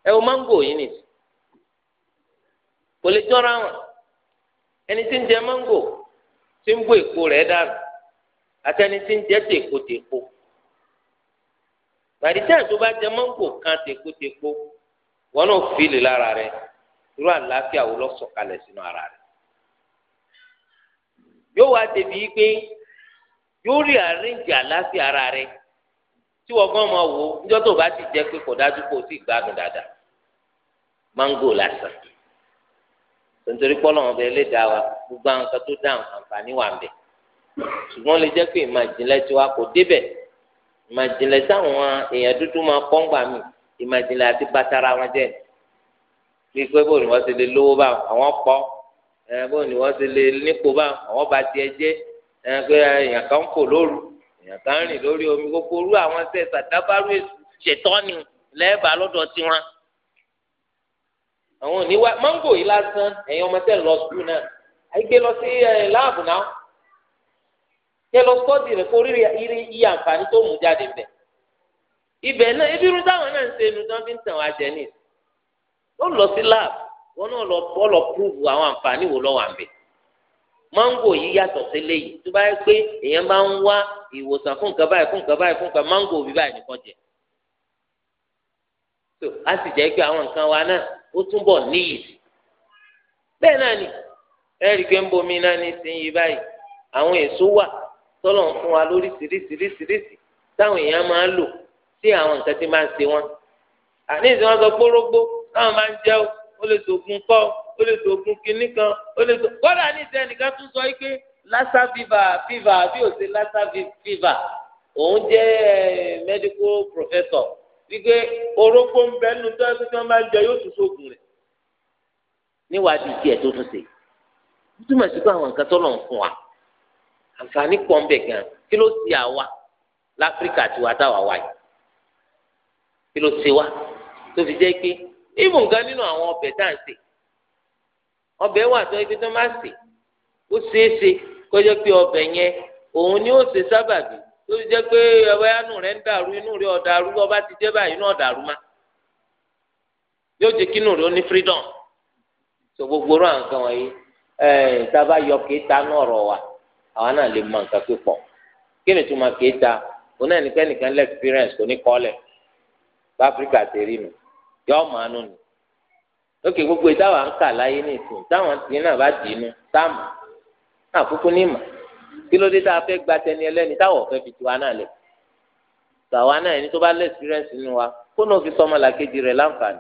ẹ wo máńgò yìí nì kò lè jọra wọn ẹni tí ń jẹ máńgò tí ń bó èpo rẹ̀ dànù àtẹni tí ń jẹ tó bá jẹ kan wọn náà fìlè lára rẹ, irú àlàáfíà wo lọ sọ̀kalẹ̀ sínú yóò wá débi pé yóò rí àríǹjì àlàáfíà ara rẹ tí wọ́n gbọ́n máa wò ó níjọ́ tó bá ti jẹ́ pé kò dájú kó o ti gbádùn dáadáa máńgò lásán nítorí pọ́lọ́ wọn bẹ lé dáa wa gbogbo àwọn kan tó dáhùn àǹfààní wà ń bẹ ṣùgbọ́n lè jẹ́ pé ìmàjìnlẹ̀ tí wa kò débẹ̀ ìmàjìnlẹ̀ táwọn èèyàn dúdú máa pọ́ngbà mí ìmàjìnlẹ̀ àti bàtàrà wọn jẹ́ pé bò ní wọ́n ti lè lówó báwọn àwọn pọ́ ẹ bóun ni wọ́n ti lè nípò bá ọwọ́ bá tiẹ̀ jẹ́ ẹgbẹ́ lóru èèyàn lórí omi gbogbo orú àwọn ṣe ṣàdábàrú ṣètọ́ni lẹ́ẹ̀bà lọ́dọ̀ tiwọn. àwọn oníwà máńgò yìí lásán ẹ̀yin ọmọ tẹ̀ lọ sùn náà àyíké lọ sí láàbù náà kí ẹ lọ sọ́ọ̀dì rẹ̀ kó rírì iye àǹfààní tó mú jáde bẹ̀. ibẹ̀ náà ebi irun táwọn wọn náà lọ bọ́ lọ púrúfù àwọn àǹfààní wo lọ́wọ́ àǹbẹ̀ máńgò yìí yàtọ̀ sí léyìí tó bá yẹ pé èèyàn bá ń wá ìwòsàn fún nǹkan báyìí fún nǹkan báyìí fún nǹkan máńgò òbí báyìí nìkan jẹ tó a sì jẹ́ pé àwọn nǹkan wa náà ó túbọ̀ níyì sí bẹ́ẹ̀ náà ni ẹ̀rí pé ń bomi náà ní ìsinyìí báyìí àwọn èso wà tọ́lọ̀ ń fún wa lóríṣiríṣiríṣiríṣi táwọn èèyàn máa ń lò sí àwọn nǹkan tí máa ń ṣe wọn àní ìsìn wọn sọ gbórógbó táwọn máa ń jẹ́ o ó lè sògùn kọ́ ó lè sògùn kínní kan ó lè sògùn kọ́dà ní ìtẹ́ nìkan tún sọ pé lassa viva viva bí ó lassa viva òun jẹ́ eh, medical professor wípé orógbó ń bẹ nínú tó ẹgbẹ́ tí wọ́n bá ń jẹ yóò tún sóògùn rẹ̀ níwádìí tiẹ̀ tó tún ṣe ó túmọ̀ sí pé àwọn nǹkan tó lọ́n fún wa àǹfààní pọ̀ ń bẹ gan kí ló ṣe àwa láfíríkà tiwa táwa wáyé kí ló ṣe wa tó fi jẹ́ pé ìmù nǹkan nínú àwọn ọbẹ̀ tá à ń sè ọbẹ̀ wà tó ibi tó máa sè ó obe ṣe kó jẹ́ ni ó ṣe sábàbí tó ti jẹ́ pé ẹ̀wẹ́yánu rẹ̀ ń dàrú inú rẹ̀ ọ̀dàrú ọba ti jẹ́ báyìí inú ọ̀dàrú má yóò jẹ́ kí rẹ̀ freedom so gbogbo rẹ̀ nǹkan wọ̀nyí ẹ̀ tábà yọ kéta náà rọ̀ wá àwa náà lè mọ nǹkan pípọ̀ kí ni túmọ̀ kéta òun náà experience kò ní bá yọ ọmọ àánú ni lókè gbogbo ìdáwà ń kà láyé ní ìsìn táwọn tì náà bá dì í nu táàmù àkókò ní ìmọ̀ kí ló dé tá a gba tẹni fi tu náà lẹ̀ tàwa náà ẹni tó bá lé nínú wa kó fi sọmọ làkejì rẹ̀ láǹfààní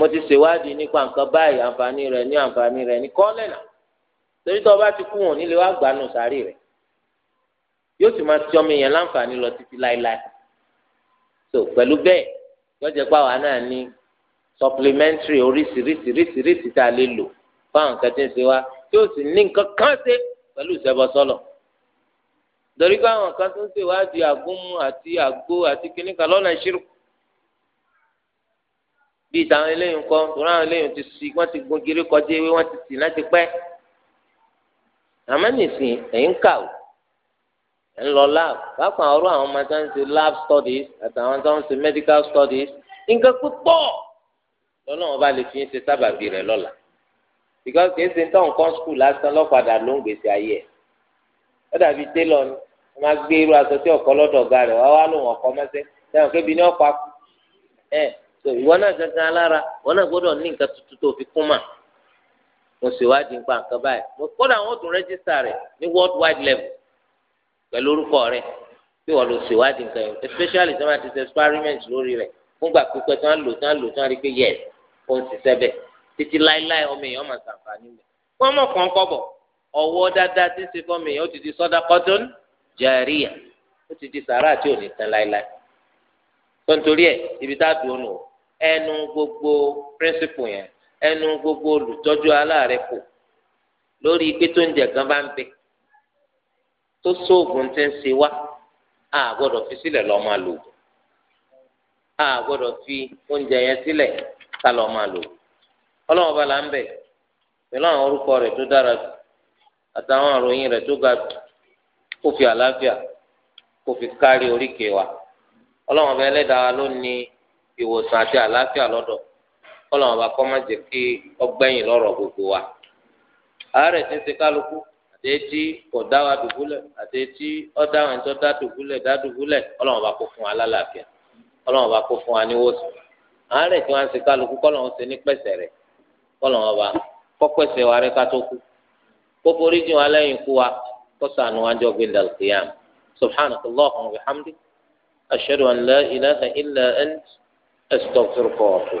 mo ti ṣèwádìí nípa nǹkan báyìí àǹfààní ní àǹfààní ní kọ́lẹ̀ náà torí tó o bá ti kú wọn lọ títí láéláé so pẹ̀lú bẹ́ẹ̀ yọjẹ pé àwa náà ní supplementary oríṣiríṣiríṣiríṣi tá a lè lò fáwọn nǹkan tí ń ṣe wá tí ó sì ní nǹkan kan ṣe pẹ̀lú ìṣẹ́bọ sọ́lọ̀ torí pé àwọn kan tó ń ṣèwádìí àgúnmu àti àgbo àti kìnnìkan lọ́nà ìṣirò bíi táwọn eléyìí kọ tòun àwọn eléyìí ti si wọn ti gun gírí kọjá ewé wọn ti sì náà pẹ́ àmọ́ nìsín ẹ̀yìn kà ńlọ lab kápá ọ̀rọ̀ àwọn ọmọ lab studies àtàwọn tó ń medical studies nǹkan púpọ̀ lọ́lọ́run ọba lè fi ń ṣe sábàbí rẹ̀ lọ́la because kì í ṣe tó nǹkan skul lásán lọ́padà ló ń gbèsè ayé ẹ̀ gbé irú aṣọ tí ọ̀kọ́ lọ́dọ̀ rẹ̀ wá mẹ́sẹ̀ sẹ́wọ̀n kébi ní ọ̀pá ẹ̀ so ìwọ náà kankan alára ìwọ náà gbọ́dọ̀ ní nǹkan tuntun tó fi kún mà mo ṣèwádìí nǹkan kan báyìí kódà àwọn ò world wide level pẹ̀lú orúkọ rẹ pé wọ́n lọ ṣèwádìí nǹkan yẹn especially tí wọ́n ti ṣe experiment lórí rẹ̀ fúngbà pípẹ́ tí wọ́n lò tí wọ́n lò tí wọ́n rí pé yes ó ń ṣiṣẹ́ bẹ̀ títí láéláé ọmọ èèyàn máa ṣàǹfààní rẹ̀ wọ́n mọ̀ kàn kọ́bọ̀ ọwọ́ dáadáa tí ń ṣe fọ́ọ̀mù èèyàn ó ti di sọ́dá kọ́tún jàríyà ó ti di sàrà tí ò ní tán láéláé tó ń torí ẹ̀ ibi tá a dùn nù ẹnu gbogbo principle yẹn ẹnu gbogbo olùtọ́jú aláàrẹ̀ kù lórí pé tó ń jẹ gan bá ń bẹ̀ẹ́ tó sóògùn tí ń wá a gbọdọ fi sílẹ̀ lọ máa lò a gbọdọ fi oúnjẹ yẹn sílẹ̀ ká lọ máa lò Ọlọ́run bá la ń bẹ pẹ̀lú àwọn orúkọ rẹ̀ tó dára àtàwọn àròyìn tó ga wa ló ní ìwòsàn àti àlàáfíà má gbogbo wa tí ń kálukú. àtẹ̀tí kọ̀dá wa dùbúlẹ̀ àtẹ̀tí ọ̀dá àwọn ẹ̀ńtọ́ dá dùbúlẹ̀ dá dùbúlẹ̀ ọlọ́run bá kó fún wa lálàáfíà ọlọ́run bá kó fún wa níwòsàn àárẹ̀ tí wọ́n ń ṣe kálukú kọ́lọ́run ṣe ní pẹ̀sẹ̀ rẹ̀ kọ́lọ́run bá kọ́pẹ̀sẹ̀ wa rẹ̀ ká tó kú kó forí jìn wa lẹ́yìn ikú wa kó ṣàánú wa jọ gbé dàlùkìyàm subhanaka wa bihamdik ashhadu